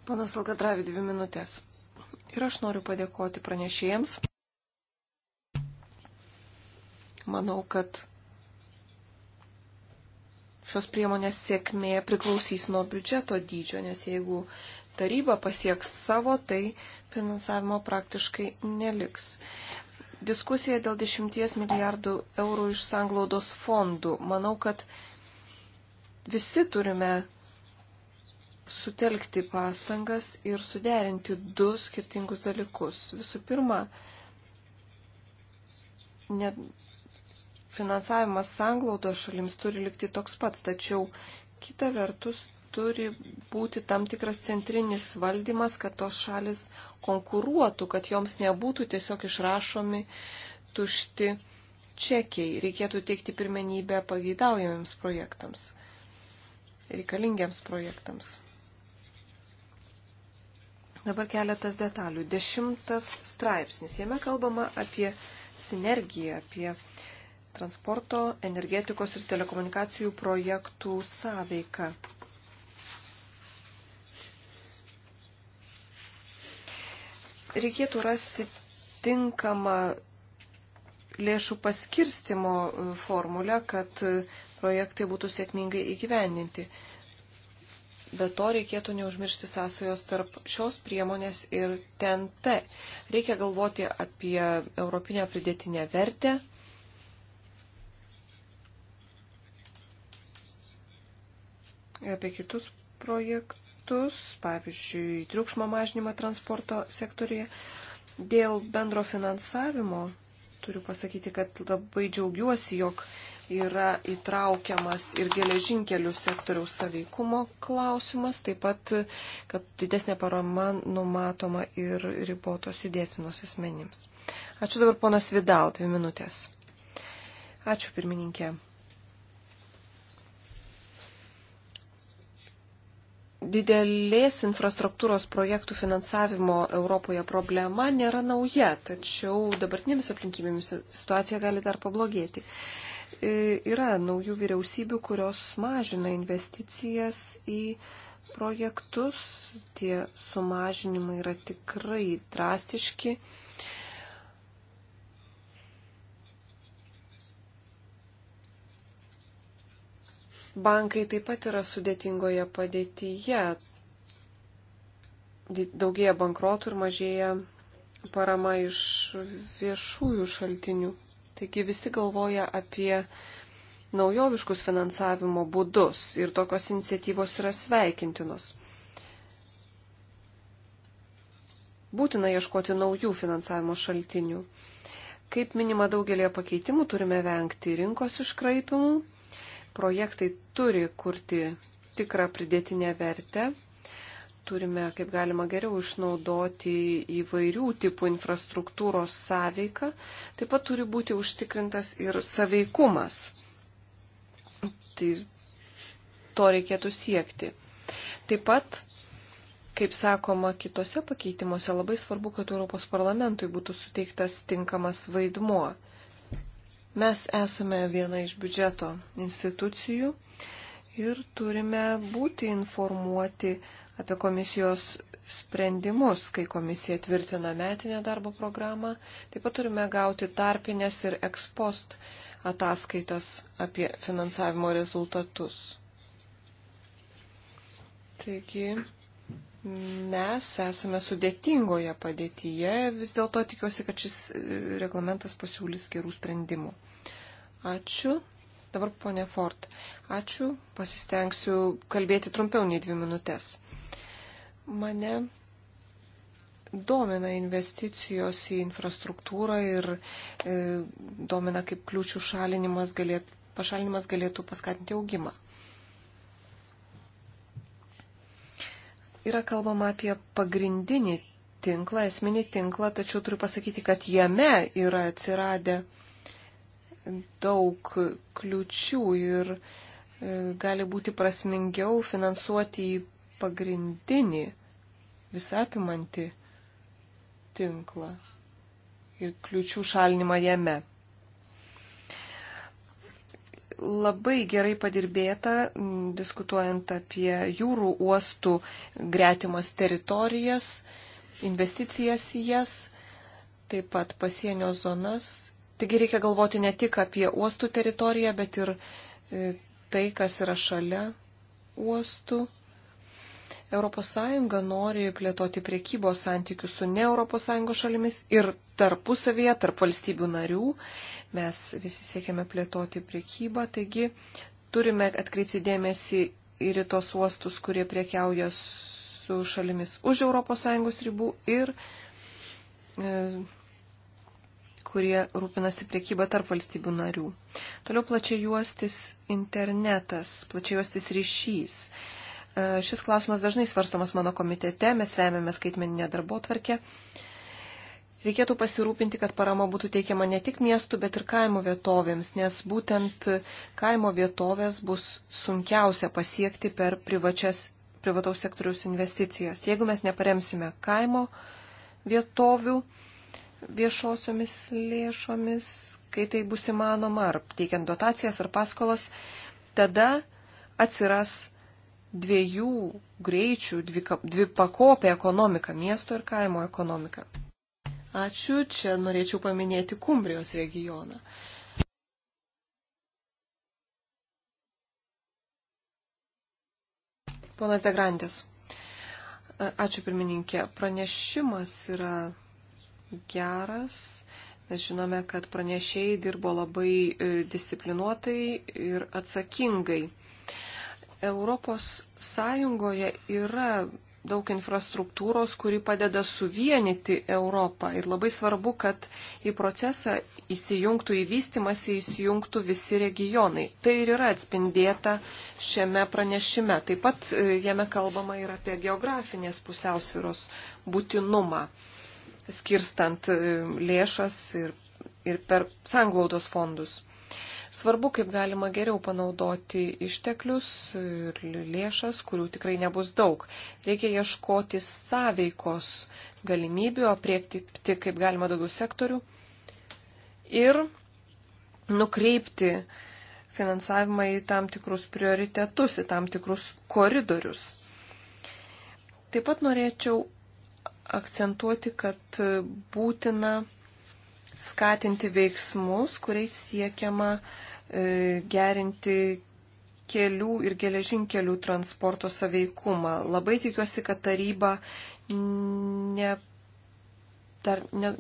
Panas Alkadravi, dvi minutės. Ir aš noriu padėkoti pranešėjams. Manau, kad šios priemonės sėkmė priklausys nuo biudžeto dydžio, nes jeigu taryba pasieks savo, tai finansavimo praktiškai neliks. Diskusija dėl 10 milijardų eurų iš sanglaudos fondų. Manau, kad visi turime sutelkti pastangas ir suderinti du skirtingus dalykus. Visų pirma, net finansavimas sanglaudo šalims turi likti toks pats, tačiau kita vertus turi būti tam tikras centrinis valdymas, kad tos šalis konkuruotų, kad joms nebūtų tiesiog išrašomi tušti čekiai. Reikėtų teikti pirmenybę pageidaujamiems projektams, reikalingiams projektams. Dabar keletas detalių. Dešimtas straipsnis. Jame kalbama apie sinergiją, apie transporto, energetikos ir telekomunikacijų projektų sąveika. Reikėtų rasti tinkamą lėšų paskirstimo formulę, kad projektai būtų sėkmingai įgyvendinti. Be to reikėtų neužmiršti sąsajos tarp šios priemonės ir TNT. Reikia galvoti apie europinę pridėtinę vertę apie kitus projektus, pavyzdžiui, triukšmo mažinimą transporto sektorėje. Dėl bendro finansavimo turiu pasakyti, kad labai džiaugiuosi, jog yra įtraukiamas ir geležinkelių sektoriaus saveikumo klausimas, taip pat, kad didesnė parama numatoma ir ribotos judėsinos asmenims. Ačiū dabar ponas Vidal, dvi minutės. Ačiū pirmininkė. didelės infrastruktūros projektų finansavimo Europoje problema nėra nauja, tačiau dabartinėmis aplinkybėmis situacija gali dar pablogėti. E, yra naujų vyriausybių, kurios mažina investicijas į projektus, tie sumažinimai yra tikrai drastiški Bankai taip pat yra sudėtingoje padėtyje. Daugėja bankrotų ir mažėja parama iš viešųjų šaltinių. Taigi visi galvoja apie naujoviškus finansavimo būdus ir tokios iniciatyvos yra sveikintinos. Būtina ieškoti naujų finansavimo šaltinių. Kaip minima daugelėje pakeitimų, turime vengti rinkos iškraipimų projektai turi kurti tikrą pridėtinę vertę. Turime kaip galima geriau išnaudoti įvairių tipų infrastruktūros sąveiką. Taip pat turi būti užtikrintas ir saveikumas. Tai to reikėtų siekti. Taip pat Kaip sakoma, kitose pakeitimuose labai svarbu, kad Europos parlamentui būtų suteiktas tinkamas vaidmuo. Mes esame viena iš biudžeto institucijų ir turime būti informuoti apie komisijos sprendimus, kai komisija tvirtina metinę darbo programą. Taip pat turime gauti tarpinės ir ekspost ataskaitas apie finansavimo rezultatus. Taigi, mes esame sudėtingoje padėtyje, vis dėlto tikiuosi, kad šis e, reglamentas pasiūlys gerų sprendimų. Ačiū. Dabar ponė Ford. Ačiū. Pasistengsiu kalbėti trumpiau nei dvi minutės. Mane domina investicijos į infrastruktūrą ir e, domina, kaip kliūčių šalinimas galėtų, pašalinimas galėtų paskatinti augimą. yra kalbama apie pagrindinį tinklą, esminį tinklą, tačiau turiu pasakyti, kad jame yra atsiradę daug kliučių ir e, gali būti prasmingiau finansuoti į pagrindinį visapimantį tinklą ir kliučių šalinimą jame labai gerai padirbėta, diskutuojant apie jūrų uostų gretimas teritorijas, investicijas į jas, taip pat pasienio zonas. Taigi reikia galvoti ne tik apie uostų teritoriją, bet ir e, tai, kas yra šalia uostų. ES nori plėtoti priekybos santykius su ne ES šalimis ir tarpusavėje, tarp valstybių narių. Mes visi siekiame plėtoti priekybą, taigi turime atkreipti dėmesį ir į tos uostus, kurie priekiauja su šalimis už ES ribų ir e, kurie rūpinasi priekybą tarp valstybių narių. Toliau plačiai juostis internetas, plačiai juostis ryšys. E, E, šis klausimas dažnai svarstomas mano komitete, mes remiame skaitmeninę darbo tvarkę. Reikėtų pasirūpinti, kad parama būtų teikiama ne tik miestų, bet ir kaimo vietovėms, nes būtent kaimo vietovės bus sunkiausia pasiekti per privačias, privataus sektoriaus investicijas. Jeigu mes neparemsime kaimo vietovių viešosiomis lėšomis, kai tai bus įmanoma, ar teikiant dotacijas ar paskolas, tada atsiras dviejų greičių, dvi, dvi pakopę ekonomiką, miesto ir kaimo ekonomiką. Ačiū, čia norėčiau paminėti Kumbrijos regioną. Ponas Degrandės. Ačiū pirmininkė. Pranešimas yra geras. Mes žinome, kad pranešėjai dirbo labai e, disciplinuotai ir atsakingai. Europos Sąjungoje yra daug infrastruktūros, kuri padeda suvienyti Europą. Ir labai svarbu, kad į procesą įsijungtų į vystimąsi, įsijungtų visi regionai. Tai ir yra atspindėta šiame pranešime. Taip pat e, jame kalbama ir apie geografinės pusiausviros būtinumą, skirstant e, lėšas ir, ir per sanglaudos fondus. Svarbu, kaip galima geriau panaudoti išteklius ir lėšas, kurių tikrai nebus daug. Reikia ieškoti sąveikos galimybių, apriekti kaip galima daugiau sektorių ir nukreipti finansavimą į tam tikrus prioritetus, į tam tikrus koridorius. Taip pat norėčiau akcentuoti, kad būtina skatinti veiksmus, kuriais siekiama e, gerinti kelių ir geležinkelių transporto saveikumą. Labai tikiuosi, kad taryba ne, dar, ne,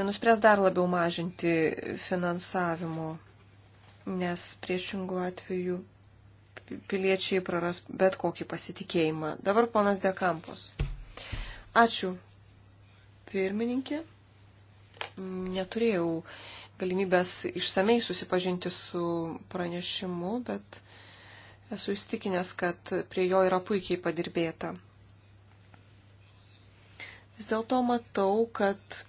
nenuspręs dar labiau mažinti finansavimo, nes priešingų atveju piliečiai praras bet kokį pasitikėjimą. Dabar ponas Dekampos. Ačiū, pirmininkė neturėjau galimybės išsamei susipažinti su pranešimu, bet esu įstikinęs, kad prie jo yra puikiai padirbėta. Vis dėlto matau, kad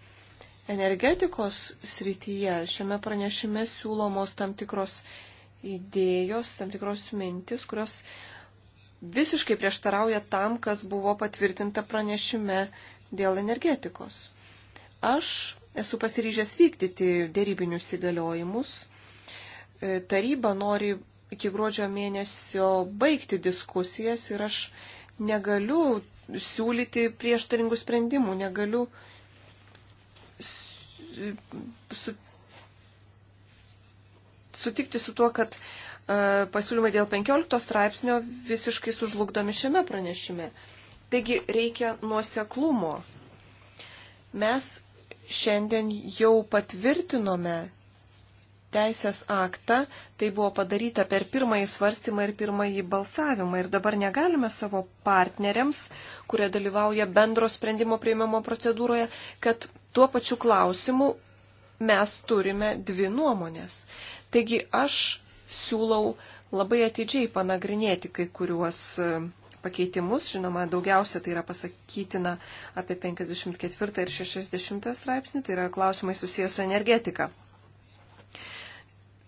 energetikos srityje šiame pranešime siūlomos tam tikros idėjos, tam tikros mintis, kurios visiškai prieštarauja tam, kas buvo patvirtinta pranešime dėl energetikos. Aš esu pasiryžęs vykdyti dėrybinius įgaliojimus. E, taryba nori iki gruodžio mėnesio baigti diskusijas ir aš negaliu siūlyti prieštaringų sprendimų, negaliu su, sutikti su tuo, kad uh, pasiūlymai dėl 15 straipsnio visiškai sužlugdomi šiame pranešime. Taigi reikia nuoseklumo. Mes šiandien jau patvirtinome teisės aktą, tai buvo padaryta per pirmąjį svarstymą ir pirmąjį balsavimą. Ir dabar negalime savo partneriams, kurie dalyvauja bendro sprendimo prieimimo procedūroje, kad tuo pačiu klausimu mes turime dvi nuomonės. Taigi aš siūlau labai atidžiai panagrinėti kai kuriuos e, pakeitimus. Žinoma, daugiausia tai yra pasakytina apie 54 ir 60 straipsnį, tai yra klausimai susijęs su energetika.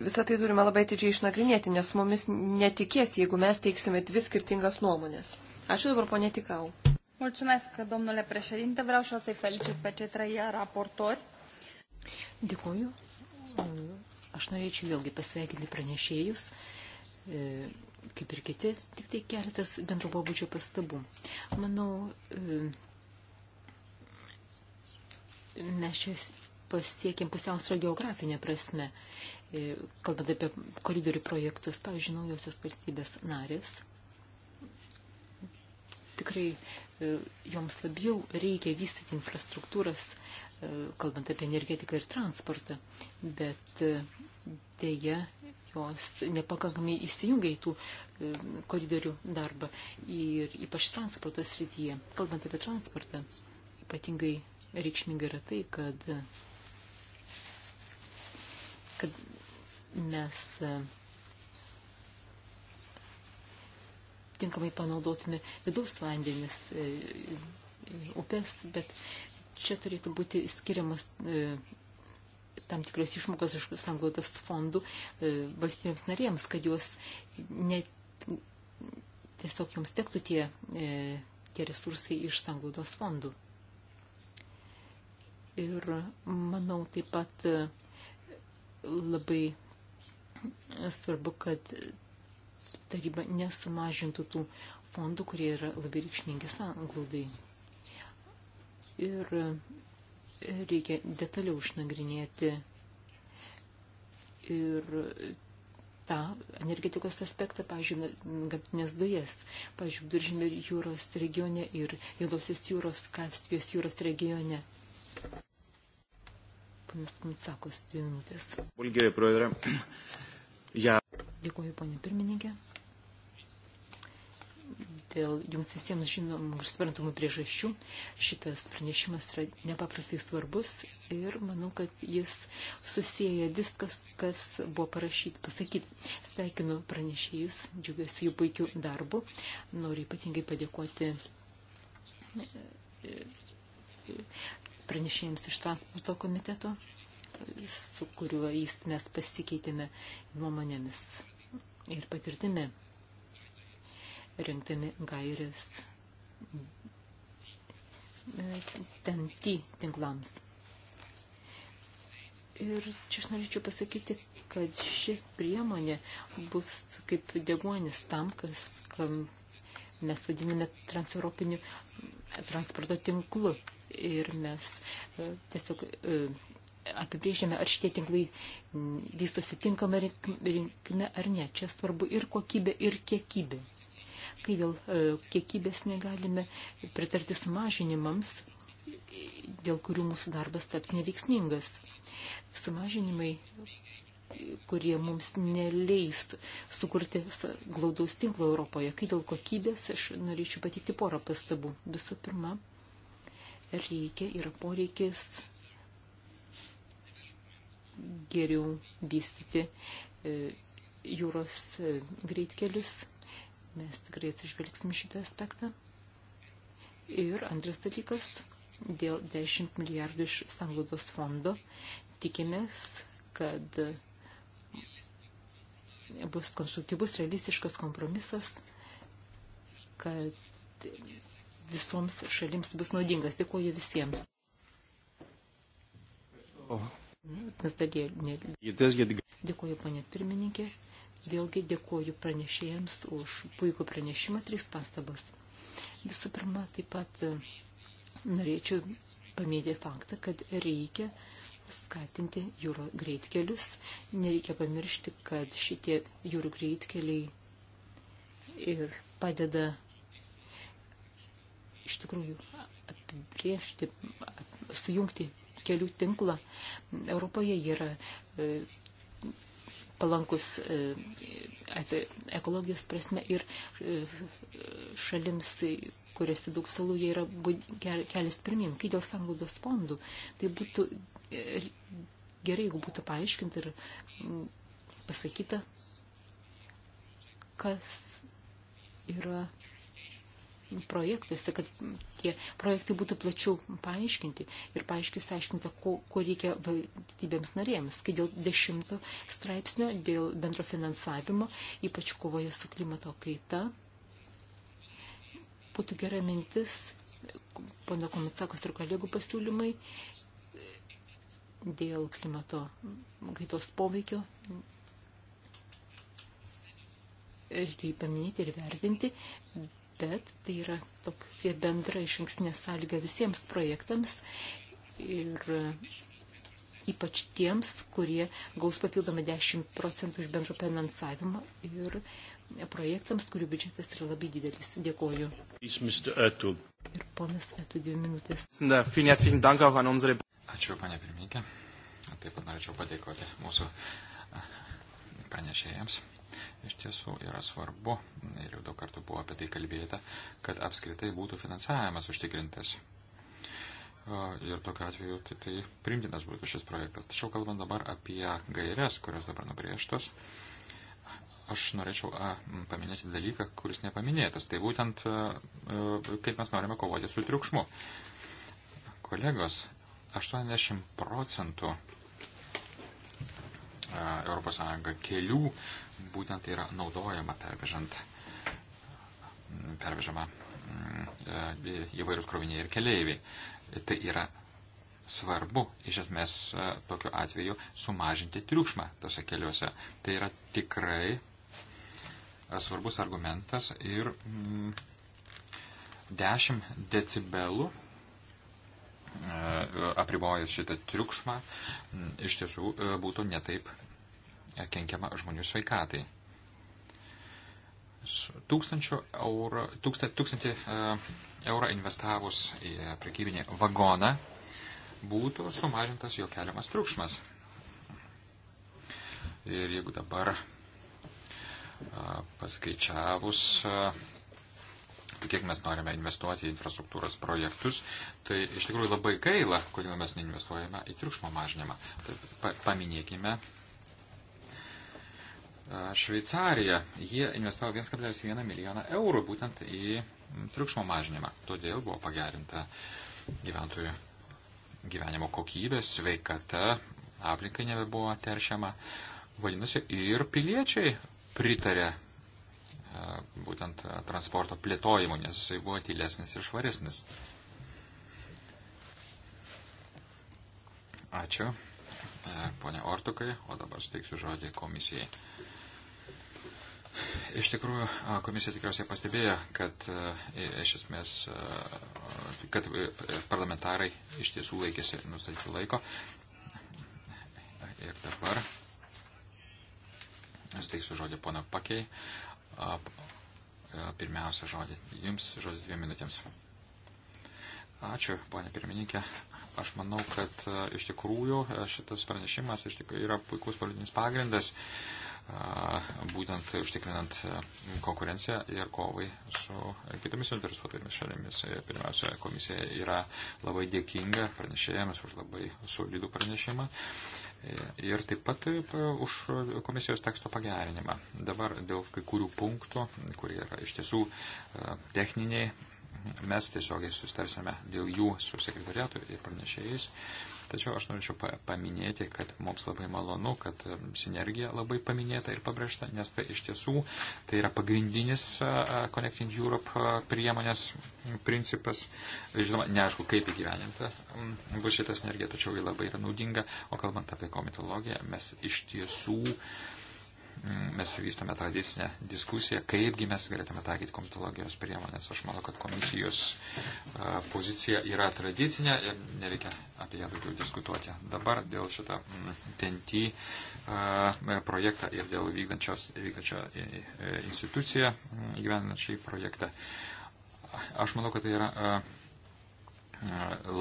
Visą tai turime labai atidžiai išnagrinėti, nes mumis netikės, jeigu mes teiksime dvi skirtingas nuomonės. Ačiū dabar, ponė Tikau. Mulțumesc, domnule președinte. Vreau și eu să-i felicit pe cei trei raportori. Dėkuoju. Aš norėčiau vėlgi pasveikinti pranešėjus kaip ir kiti, tik tai keletas bendro pobūdžio pastabų. Manau, e, mes čia pasiekėm pusiausvyrą geografinę prasme, e, kalbant apie koridorių projektus, pavyzdžiui, naujosios valstybės narės. Tikrai e, joms labiau reikia vystyti infrastruktūras, kalbant apie energetiką ir transportą, bet dėja jos nepakankamai įsijungia į tų e, koridorių darbą ir ypač transporto srityje. Kalbant apie transportą, ypatingai reikšminga yra tai, kad, e, kad mes e, tinkamai panaudotume vidaus vandenis, upės, bet čia turėtų būti skiriamas tam tikros išmokos iš sanglautos fondų e, valstybėms narėms, kad jos net, tiesiog joms tektų tie, e, tie resursai iš sanglautos fondų. Ir manau taip pat e, labai svarbu, kad taryba nesumažintų tų fondų, kurie yra labai reikšmingi sanglaudai. Ir reikia detaliau išnagrinėti ir tą energetikos aspektą, pavyzdžiui, gamtinės dujas, pavyzdžiui, Duržymė jūros regione ir Jėlosios jūros, Kaspijos jūros regione. Panas Kumitsakos, dvi minutės. Bulgeriai, proedrė. Ja. Dėkuoju, ponė pirmininkė dėl jums visiems žinomų ir suprantamų priežasčių. Šitas pranešimas yra nepaprastai svarbus ir manau, kad jis susijęja viskas, kas buvo parašyti, pasakyti. Sveikinu pranešėjus, džiugiuosi jų puikiu darbu. Noriu ypatingai padėkoti e, e, pranešėjams iš transporto komiteto, su kuriuo jis mes pasikeitėme nuomonėmis ir patirtimi rinkdami gairės e, ten tinklams. Ir čia aš norėčiau pasakyti, kad ši priemonė bus kaip deguonis tam, kas, kam mes vadiname transeuropiniu e, transporto tinklu. Ir mes e, tiesiog apibrėžėme, ar šitie tinklai vystosi tinkamą rinkime ar ne. Čia svarbu ir kokybė, ir kiekybė. Kai dėl e, kiekybės negalime pritarti sumažinimams, dėl kurių mūsų darbas taps neveiksmingas. Sumažinimai, kurie mums neleis sukurti glaudaus tinklo Europoje. Kai dėl kokybės, aš norėčiau patikti porą pastabų. Visų pirma, reikia, yra poreikis geriau vystyti e, jūros e, greitkelius Mes tikrai atsižvelgsim šitą aspektą. Ir antras dalykas, dėl 10 milijardų iš sanglaudos fondo tikimės, kad bus konstruktyvus, realistiškas kompromisas, kad visoms šalims bus naudingas. Dėkuoju visiems. Oh. Dėkuoju, panė pirmininkė. Vėlgi dėkoju pranešėjams už puikų pranešimą, trys pastabas. Visų pirma, taip pat e, norėčiau paminėti faktą, kad reikia skatinti jūro greitkelius. Nereikia pamiršti, kad šitie jūrų greitkeliai ir padeda iš tikrųjų apibriežti, sujungti kelių tinklą. Europoje yra e, palankus e, ekologijos prasme ir e, šalims, e, kuriuose daug salų, jie yra kelias pirmin. Kai dėl sanglaudos fondų, tai būtų gerai, jeigu būtų paaiškinta ir pasakyta, kas yra projektuose, kad tie projektai būtų plačiau paaiškinti ir paaiškis aiškinta, ko, ko reikia valstybėms narėms, kai dėl dešimto straipsnio, dėl bendro finansavimo, ypač kovoje su klimato kaita, būtų gera mintis, pono komitsakos ir kolegų pasiūlymai dėl klimato kaitos poveikio ir tai paminėti ir vertinti, bet tai yra tokia bendra iš ankstinė sąlyga visiems projektams ir ypač tiems, kurie gaus papildomą 10 procentų iš bendro finansavimo ir projektams, kurių biudžetas yra labai didelis. Dėkoju. Ir ponas Etu, dvi minutės. Ačiū, panė pirmininkė. Taip pat norėčiau padėkoti mūsų pranešėjams. Iš tiesų yra svarbu, ir jau daug kartų buvo apie tai kalbėta, kad apskritai būtų finansavimas užtikrintas. Ir tokiu atveju tai, tai primtinas būtų šis projektas. Tačiau kalbant dabar apie gairias, kurios dabar nubrėžtos, aš norėčiau a, paminėti dalyką, kuris nepaminėtas. Tai būtent, a, kaip mes norime kovoti su triukšmu. Kolegos, 80 procentų ES kelių būtent tai yra naudojama pervežant, pervežama mm, e, įvairius kroviniai ir keleiviai. Tai yra svarbu iš esmės e, tokiu atveju sumažinti triukšmą tose keliuose. Tai yra tikrai e, svarbus argumentas ir 10 mm, decibelų apribojęs šitą triukšmą mm, iš tiesų būtų netaip E, kenkiama žmonių sveikatai. Euro, tūksta, tūkstantį e, eurą investavus į prekybinį vagoną būtų sumažintas jo keliamas triukšmas. Ir jeigu dabar e, paskaičiavus, tai kiek mes norime investuoti į infrastruktūros projektus, tai iš tikrųjų labai gaila, kodėl mes neinvestuojame į triukšmo mažinimą. Tai paminėkime Šveicarija. Jie investavo 1,1 milijoną eurų būtent į triukšmo mažinimą. Todėl buvo pagerinta gyventojų gyvenimo kokybė, sveikata, aplinkai nebebuvo teršiama. Vadinasi, ir piliečiai pritarė e, būtent e, transporto plėtojimu, nes jisai buvo tylesnis ir švaresnis. Ačiū, e, ponia Ortukai, o dabar steiksiu žodį komisijai. Iš tikrųjų, komisija tikriausiai pastebėjo, kad iš esmės, kad e, parlamentarai iš tiesų laikėsi nustatytų laiko. Ir dabar suteiksiu žodį pono Pakiai. Pirmiausia žodį jums, žodis dviem minutėms. Ačiū, ponė pirmininkė. Aš manau, kad iš tikrųjų šitas pranešimas iš tikrųjų yra puikus politinis pagrindas. Uh, būtent užtikrinant e, konkurenciją ir kovai su kitomis interesuotomis šalimis. E, pirmiausia, komisija yra labai dėkinga pranešėjams už labai solidų pranešimą e, ir taip pat už komisijos teksto pagerinimą. Dabar dėl kai kurių punktų, kurie yra iš tiesų techniniai, mes tiesiogiai sustarsime dėl jų su sekretariatu ir pranešėjais. Tačiau aš norėčiau paminėti, kad mums labai malonu, kad e, sinergija labai paminėta ir pabrėžta, nes tai iš tiesų tai yra pagrindinis e, e, Connecting Europe priemonės principas. Žinoma, neaišku, kaip įgyveninta bus šita sinergija, tačiau ji labai yra naudinga. O kalbant apie komitologiją, mes iš tiesų Mm, mes vystome tradicinę diskusiją, kaipgi mes galėtume taikyti komitologijos priemonės. Aš manau, kad komisijos pozicija yra tradicinė ir nereikia apie ją daugiau diskutuoti. Dabar dėl šitą mm, TNT projektą ir dėl vykdančio instituciją mm, gyvenant šį projektą. Aš manau, kad tai yra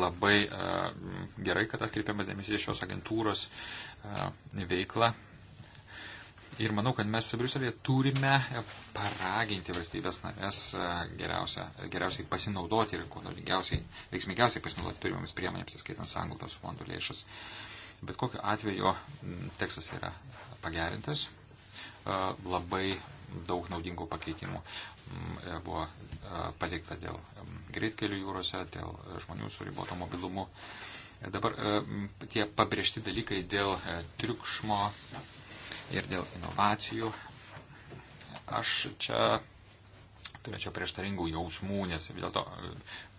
labai gerai, kad atkreipiamas dėmesys šios agentūros veikla Ir manau, kad mes Briuselėje turime paraginti valstybės narės e, geriausia, geriausiai pasinaudoti ir kuo naudingiausiai, veiksmingiausiai pasinaudoti turimomis priemonėmis, skaitant sanglaudos fondų lėšas. Bet kokiu atveju tekstas yra pagerintas, e, labai daug naudingų pakeitimų e, buvo pateikta dėl greitkelių jūrose, dėl žmonių su riboto mobilumu. Dabar tie pabrėžti dalykai dėl triukšmo, ir dėl inovacijų. Aš čia turėčiau prieštaringų jausmų, nes vis dėlto e,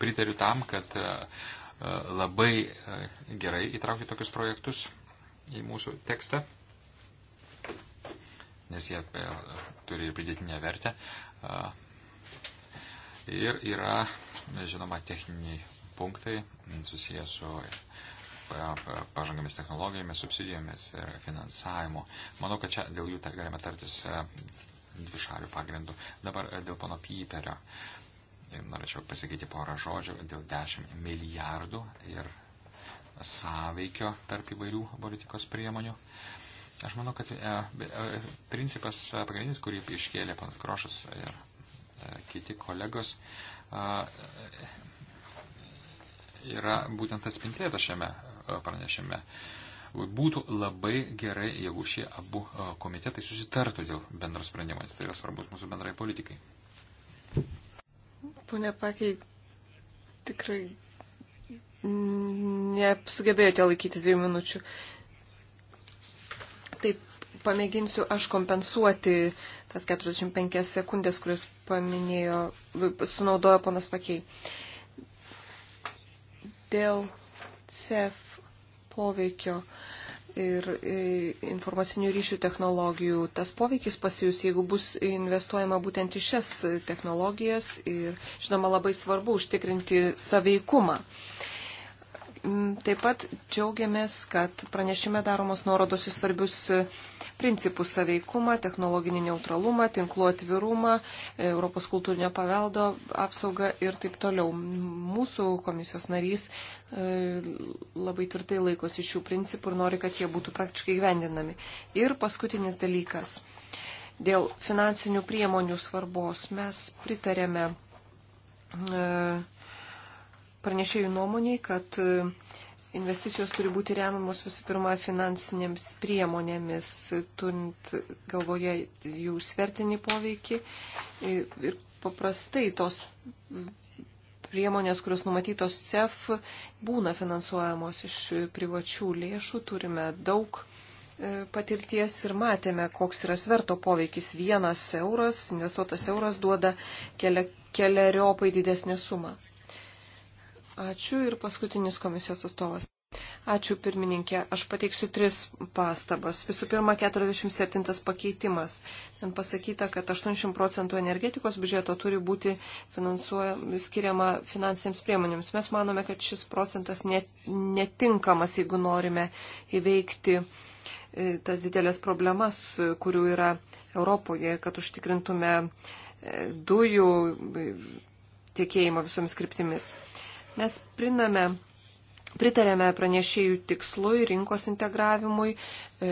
pritariu tam, kad e, labai e, gerai įtraukti tokius projektus į mūsų tekstą, nes jie turi ir pridėtinę vertę. Ir yra, žinoma, techniniai punktai susijęs su pažangomis technologijomis, subsidijomis ir finansavimu. Manau, kad čia dėl jų galime tartis e, dvi šalių pagrindų. Dabar e, dėl pono Pyperio. E, norėčiau pasakyti porą žodžių dėl 10 milijardų ir sąveikio tarp įvairių politikos priemonių. Aš manau, kad e, e, principas pagrindinis, kurį iškėlė panas Krošas ir e, kiti kolegos, e, yra būtent atspintėta šiame E, pranešime. Būtų labai gerai, jeigu šie abu e, komitetai susitartų dėl bendros sprendimo, nes tai yra svarbus mūsų bendrai politikai. Pone Pakiai, tikrai nesugebėjote laikytis dviejų minučių. Taip, pamėginsiu aš kompensuoti tas 45 sekundės, kuris paminėjo, sunaudojo ponas Pakiai. Dėl CEF poveikio ir e, informacinių ryšių technologijų. Tas poveikis pasijus, jeigu bus investuojama būtent į šias technologijas ir, žinoma, labai svarbu užtikrinti saveikumą. Taip pat džiaugiamės, kad pranešime daromos nuorodos į svarbius principų saveikumą, technologinį neutralumą, tinklų atvirumą, e, Europos kultūrinio paveldo apsaugą ir taip toliau. Mūsų komisijos narys e, labai tvirtai laikosi šių principų ir nori, kad jie būtų praktiškai gyvendinami. Ir paskutinis dalykas. Dėl finansinių priemonių svarbos mes pritarėme e, pranešėjų nuomoniai, kad investicijos turi būti remiamos visų pirma finansinėms priemonėmis, turint galvoje jų svertinį poveikį. Ir paprastai tos priemonės, kurios numatytos CEF, būna finansuojamos iš privačių lėšų. Turime daug e, patirties ir matėme, koks yra sverto poveikis. Vienas euras, investuotas euras duoda kelia, keliariopai didesnę sumą. Ačiū ir paskutinis komisijos atstovas. Ačiū pirmininkė. Aš pateiksiu tris pastabas. Visų pirma, 47 pakeitimas. Ten pasakyta, kad 80 procentų energetikos biudžeto turi būti skiriama finansinėms priemonėms. Mes manome, kad šis procentas netinkamas, jeigu norime įveikti e, tas didelės problemas, kurių yra Europoje, kad užtikrintume e, dujų e, tiekėjimą visomis kryptimis. Mes priname, pritarėme pranešėjų tikslui, rinkos integravimui, e,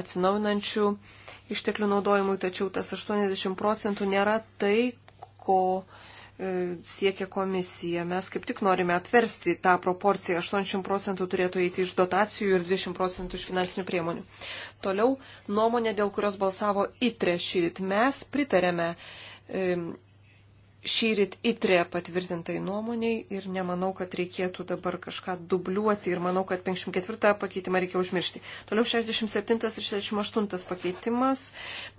atsinaujinančių išteklių naudojimui, tačiau tas 80 procentų nėra tai, ko e, siekia komisija. Mes kaip tik norime apversti tą proporciją. 80 procentų turėtų eiti iš dotacijų ir 20 procentų iš finansinių priemonių. Toliau nuomonė, dėl kurios balsavo ITRE šyrit. Mes pritarėme e, šyrit itrė patvirtintai nuomoniai ir nemanau, kad reikėtų dabar kažką dubliuoti ir manau, kad 54 pakeitimą reikia užmiršti. Toliau 67 ir 68 pakeitimas,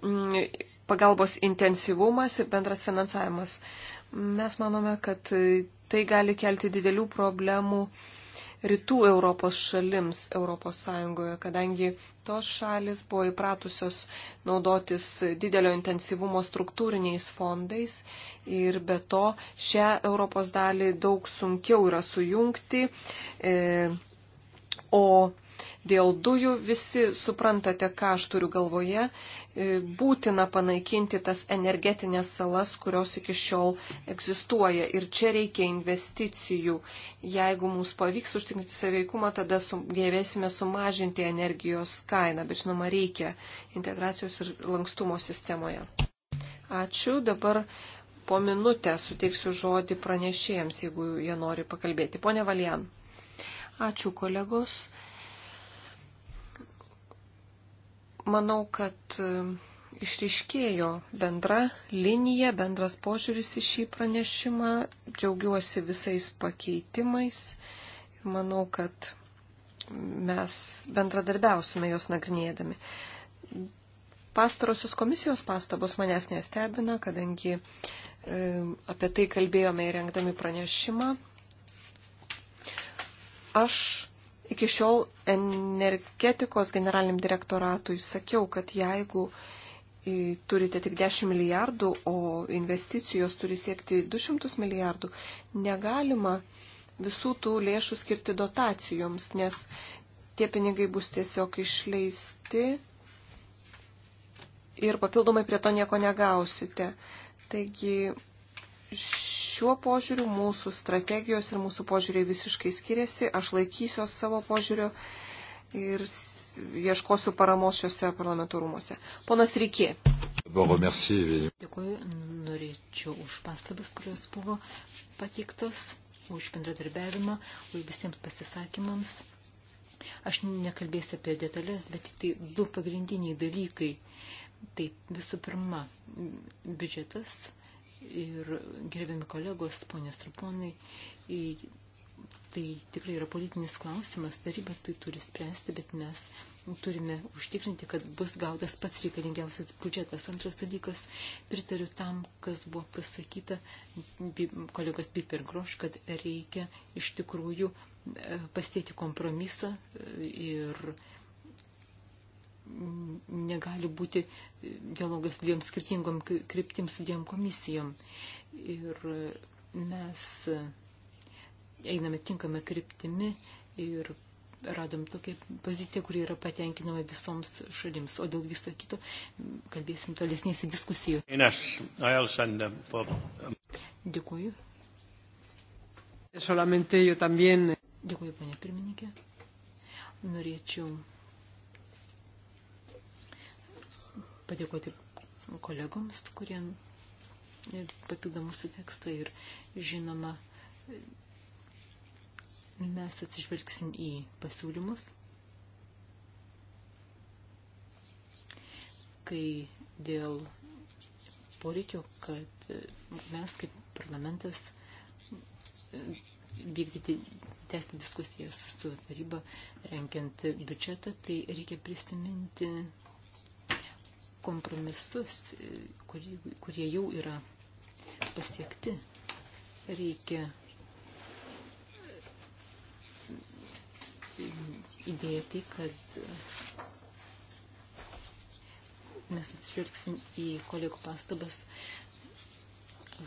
mm, pagalbos intensyvumas ir bendras finansavimas. Mes manome, kad tai gali kelti didelių problemų rytų Europos šalims ES, kadangi tos šalis buvo įpratusios naudotis didelio intensyvumo struktūriniais fondais ir be to šią Europos dalį daug sunkiau yra sujungti. E, o Dėl dujų visi suprantate, ką aš turiu galvoje. E, būtina panaikinti tas energetinės salas, kurios iki šiol egzistuoja. Ir čia reikia investicijų. Jeigu mums pavyks užtikrinti saveikumą, tada sugebėsime sumažinti energijos kainą. Bet žinoma, reikia integracijos ir lankstumo sistemoje. Ačiū. Dabar po minutę suteiksiu žodį pranešėjams, jeigu jie nori pakalbėti. Pone Valian. Ačiū kolegos. Manau, kad e, išriškėjo bendra linija, bendras požiūris į šį pranešimą. Džiaugiuosi visais pakeitimais ir manau, kad mes bendradarbiausime jos nagrinėdami. Pastarosios komisijos pastabos manęs nestebina, kadangi e, apie tai kalbėjome įrengdami pranešimą. Aš iki šiol energetikos generaliniam direktoratui sakiau, kad jeigu turite tik 10 milijardų, o investicijos turi siekti 200 milijardų, negalima visų tų lėšų skirti dotacijoms, nes tie pinigai bus tiesiog išleisti ir papildomai prie to nieko negausite. Taigi šiuo požiūriu mūsų strategijos ir mūsų požiūriai visiškai skiriasi. Aš laikysiuos savo požiūriu ir ieškosiu paramos šiuose parlamento rūmose. Ponas Rykė. Dėkuoju, norėčiau už pastabas, kurios buvo pateiktos, už bendradarbiavimą, už visiems pasisakymams. Aš nekalbėsiu apie detalės, bet tik tai du pagrindiniai dalykai. Tai visų pirma, biudžetas ir gerbėmi kolegos, ponės traponai, tai tikrai yra politinis klausimas, taryba tai turi spręsti, bet mes turime užtikrinti, kad bus gautas pats reikalingiausias budžetas. Antras dalykas, pritariu tam, kas buvo pasakyta kolegos Biper Groš, kad reikia iš tikrųjų e, pastėti kompromisą e, ir negali būti dialogas dviem skirtingom kryptims, dviem komisijom. Ir mes einame tinkamą kryptimi ir radom tokią poziciją, kuri yra patenkinama visoms šalims. O dėl viso kito kalbėsim tolesnėse diskusijose. Dėkuoju. Solamente yo también. Dėkuoju, ponė pirmininkė. Norėčiau padėkoti kolegoms, kurie papildo mūsų tekstą ir žinoma, mes atsižvelgsim į pasiūlymus, kai dėl poreikio, kad mes kaip parlamentas vykdyti, tęsti diskusijas su taryba, renkiant biudžetą, tai reikia prisiminti kompromisus, kurie, kurie jau yra pasiekti. Reikia įdėti, kad mes atsižvelgsim į kolegų pastabas.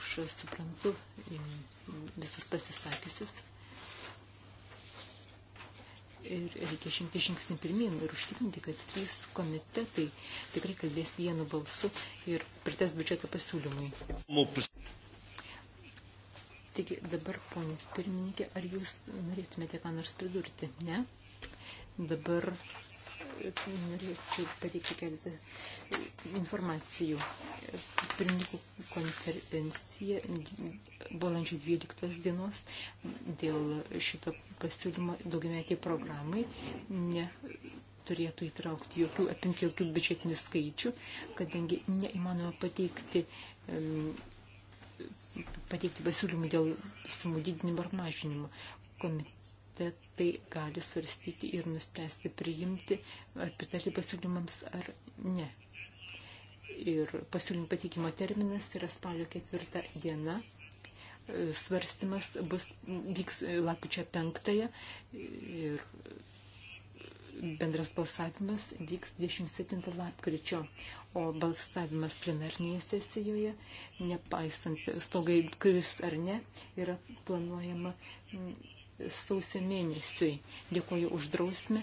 Aš suprantu visus pasisakysius ir reikia žengti žingsnį pirmin ir užtikrinti, kad trys komitetai tikrai kalbės vienu balsu ir prites biudžeto pasiūlymui. Taigi dabar, ponė pirmininkė, ar jūs norėtumėte ką nors pridurti? Ne? Dabar norėčiau pateikti keletą informacijų. Pirmininkų konferencija balandžio 12 dienos dėl šito pasiūlymo daugiametiai programai neturėtų įtraukti jokių, apimti jokių biudžetinių skaičių, kadangi neįmanoma pateikti pateikti pasiūlymų dėl sumų didinimo ar mažinimo. Komitet tai gali svarstyti ir nuspręsti priimti ar pritarti pasiūlymams ar ne. Ir pasiūlymų patikimo terminas yra spalio ketvirta diena. Svarstymas bus, vyks lakučio penktąją ir bendras balsavimas vyks 27 lapkričio, o balsavimas plenarnėje sesijoje, nepaisant stogai kris ar ne, yra planuojama sausio mėnesiui. Dėkuoju už drausmę,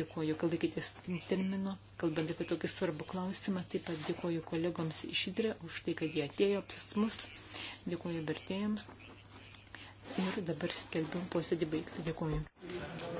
dėkuoju, kad laikytės termino, kalbant apie tokį svarbų klausimą. Taip pat dėkuoju kolegoms iš Idrė už tai, kad jie atėjo pas mus. Dėkuoju vertėjams. Ir dabar skelbiu posėdį baigti. Dėkuoju.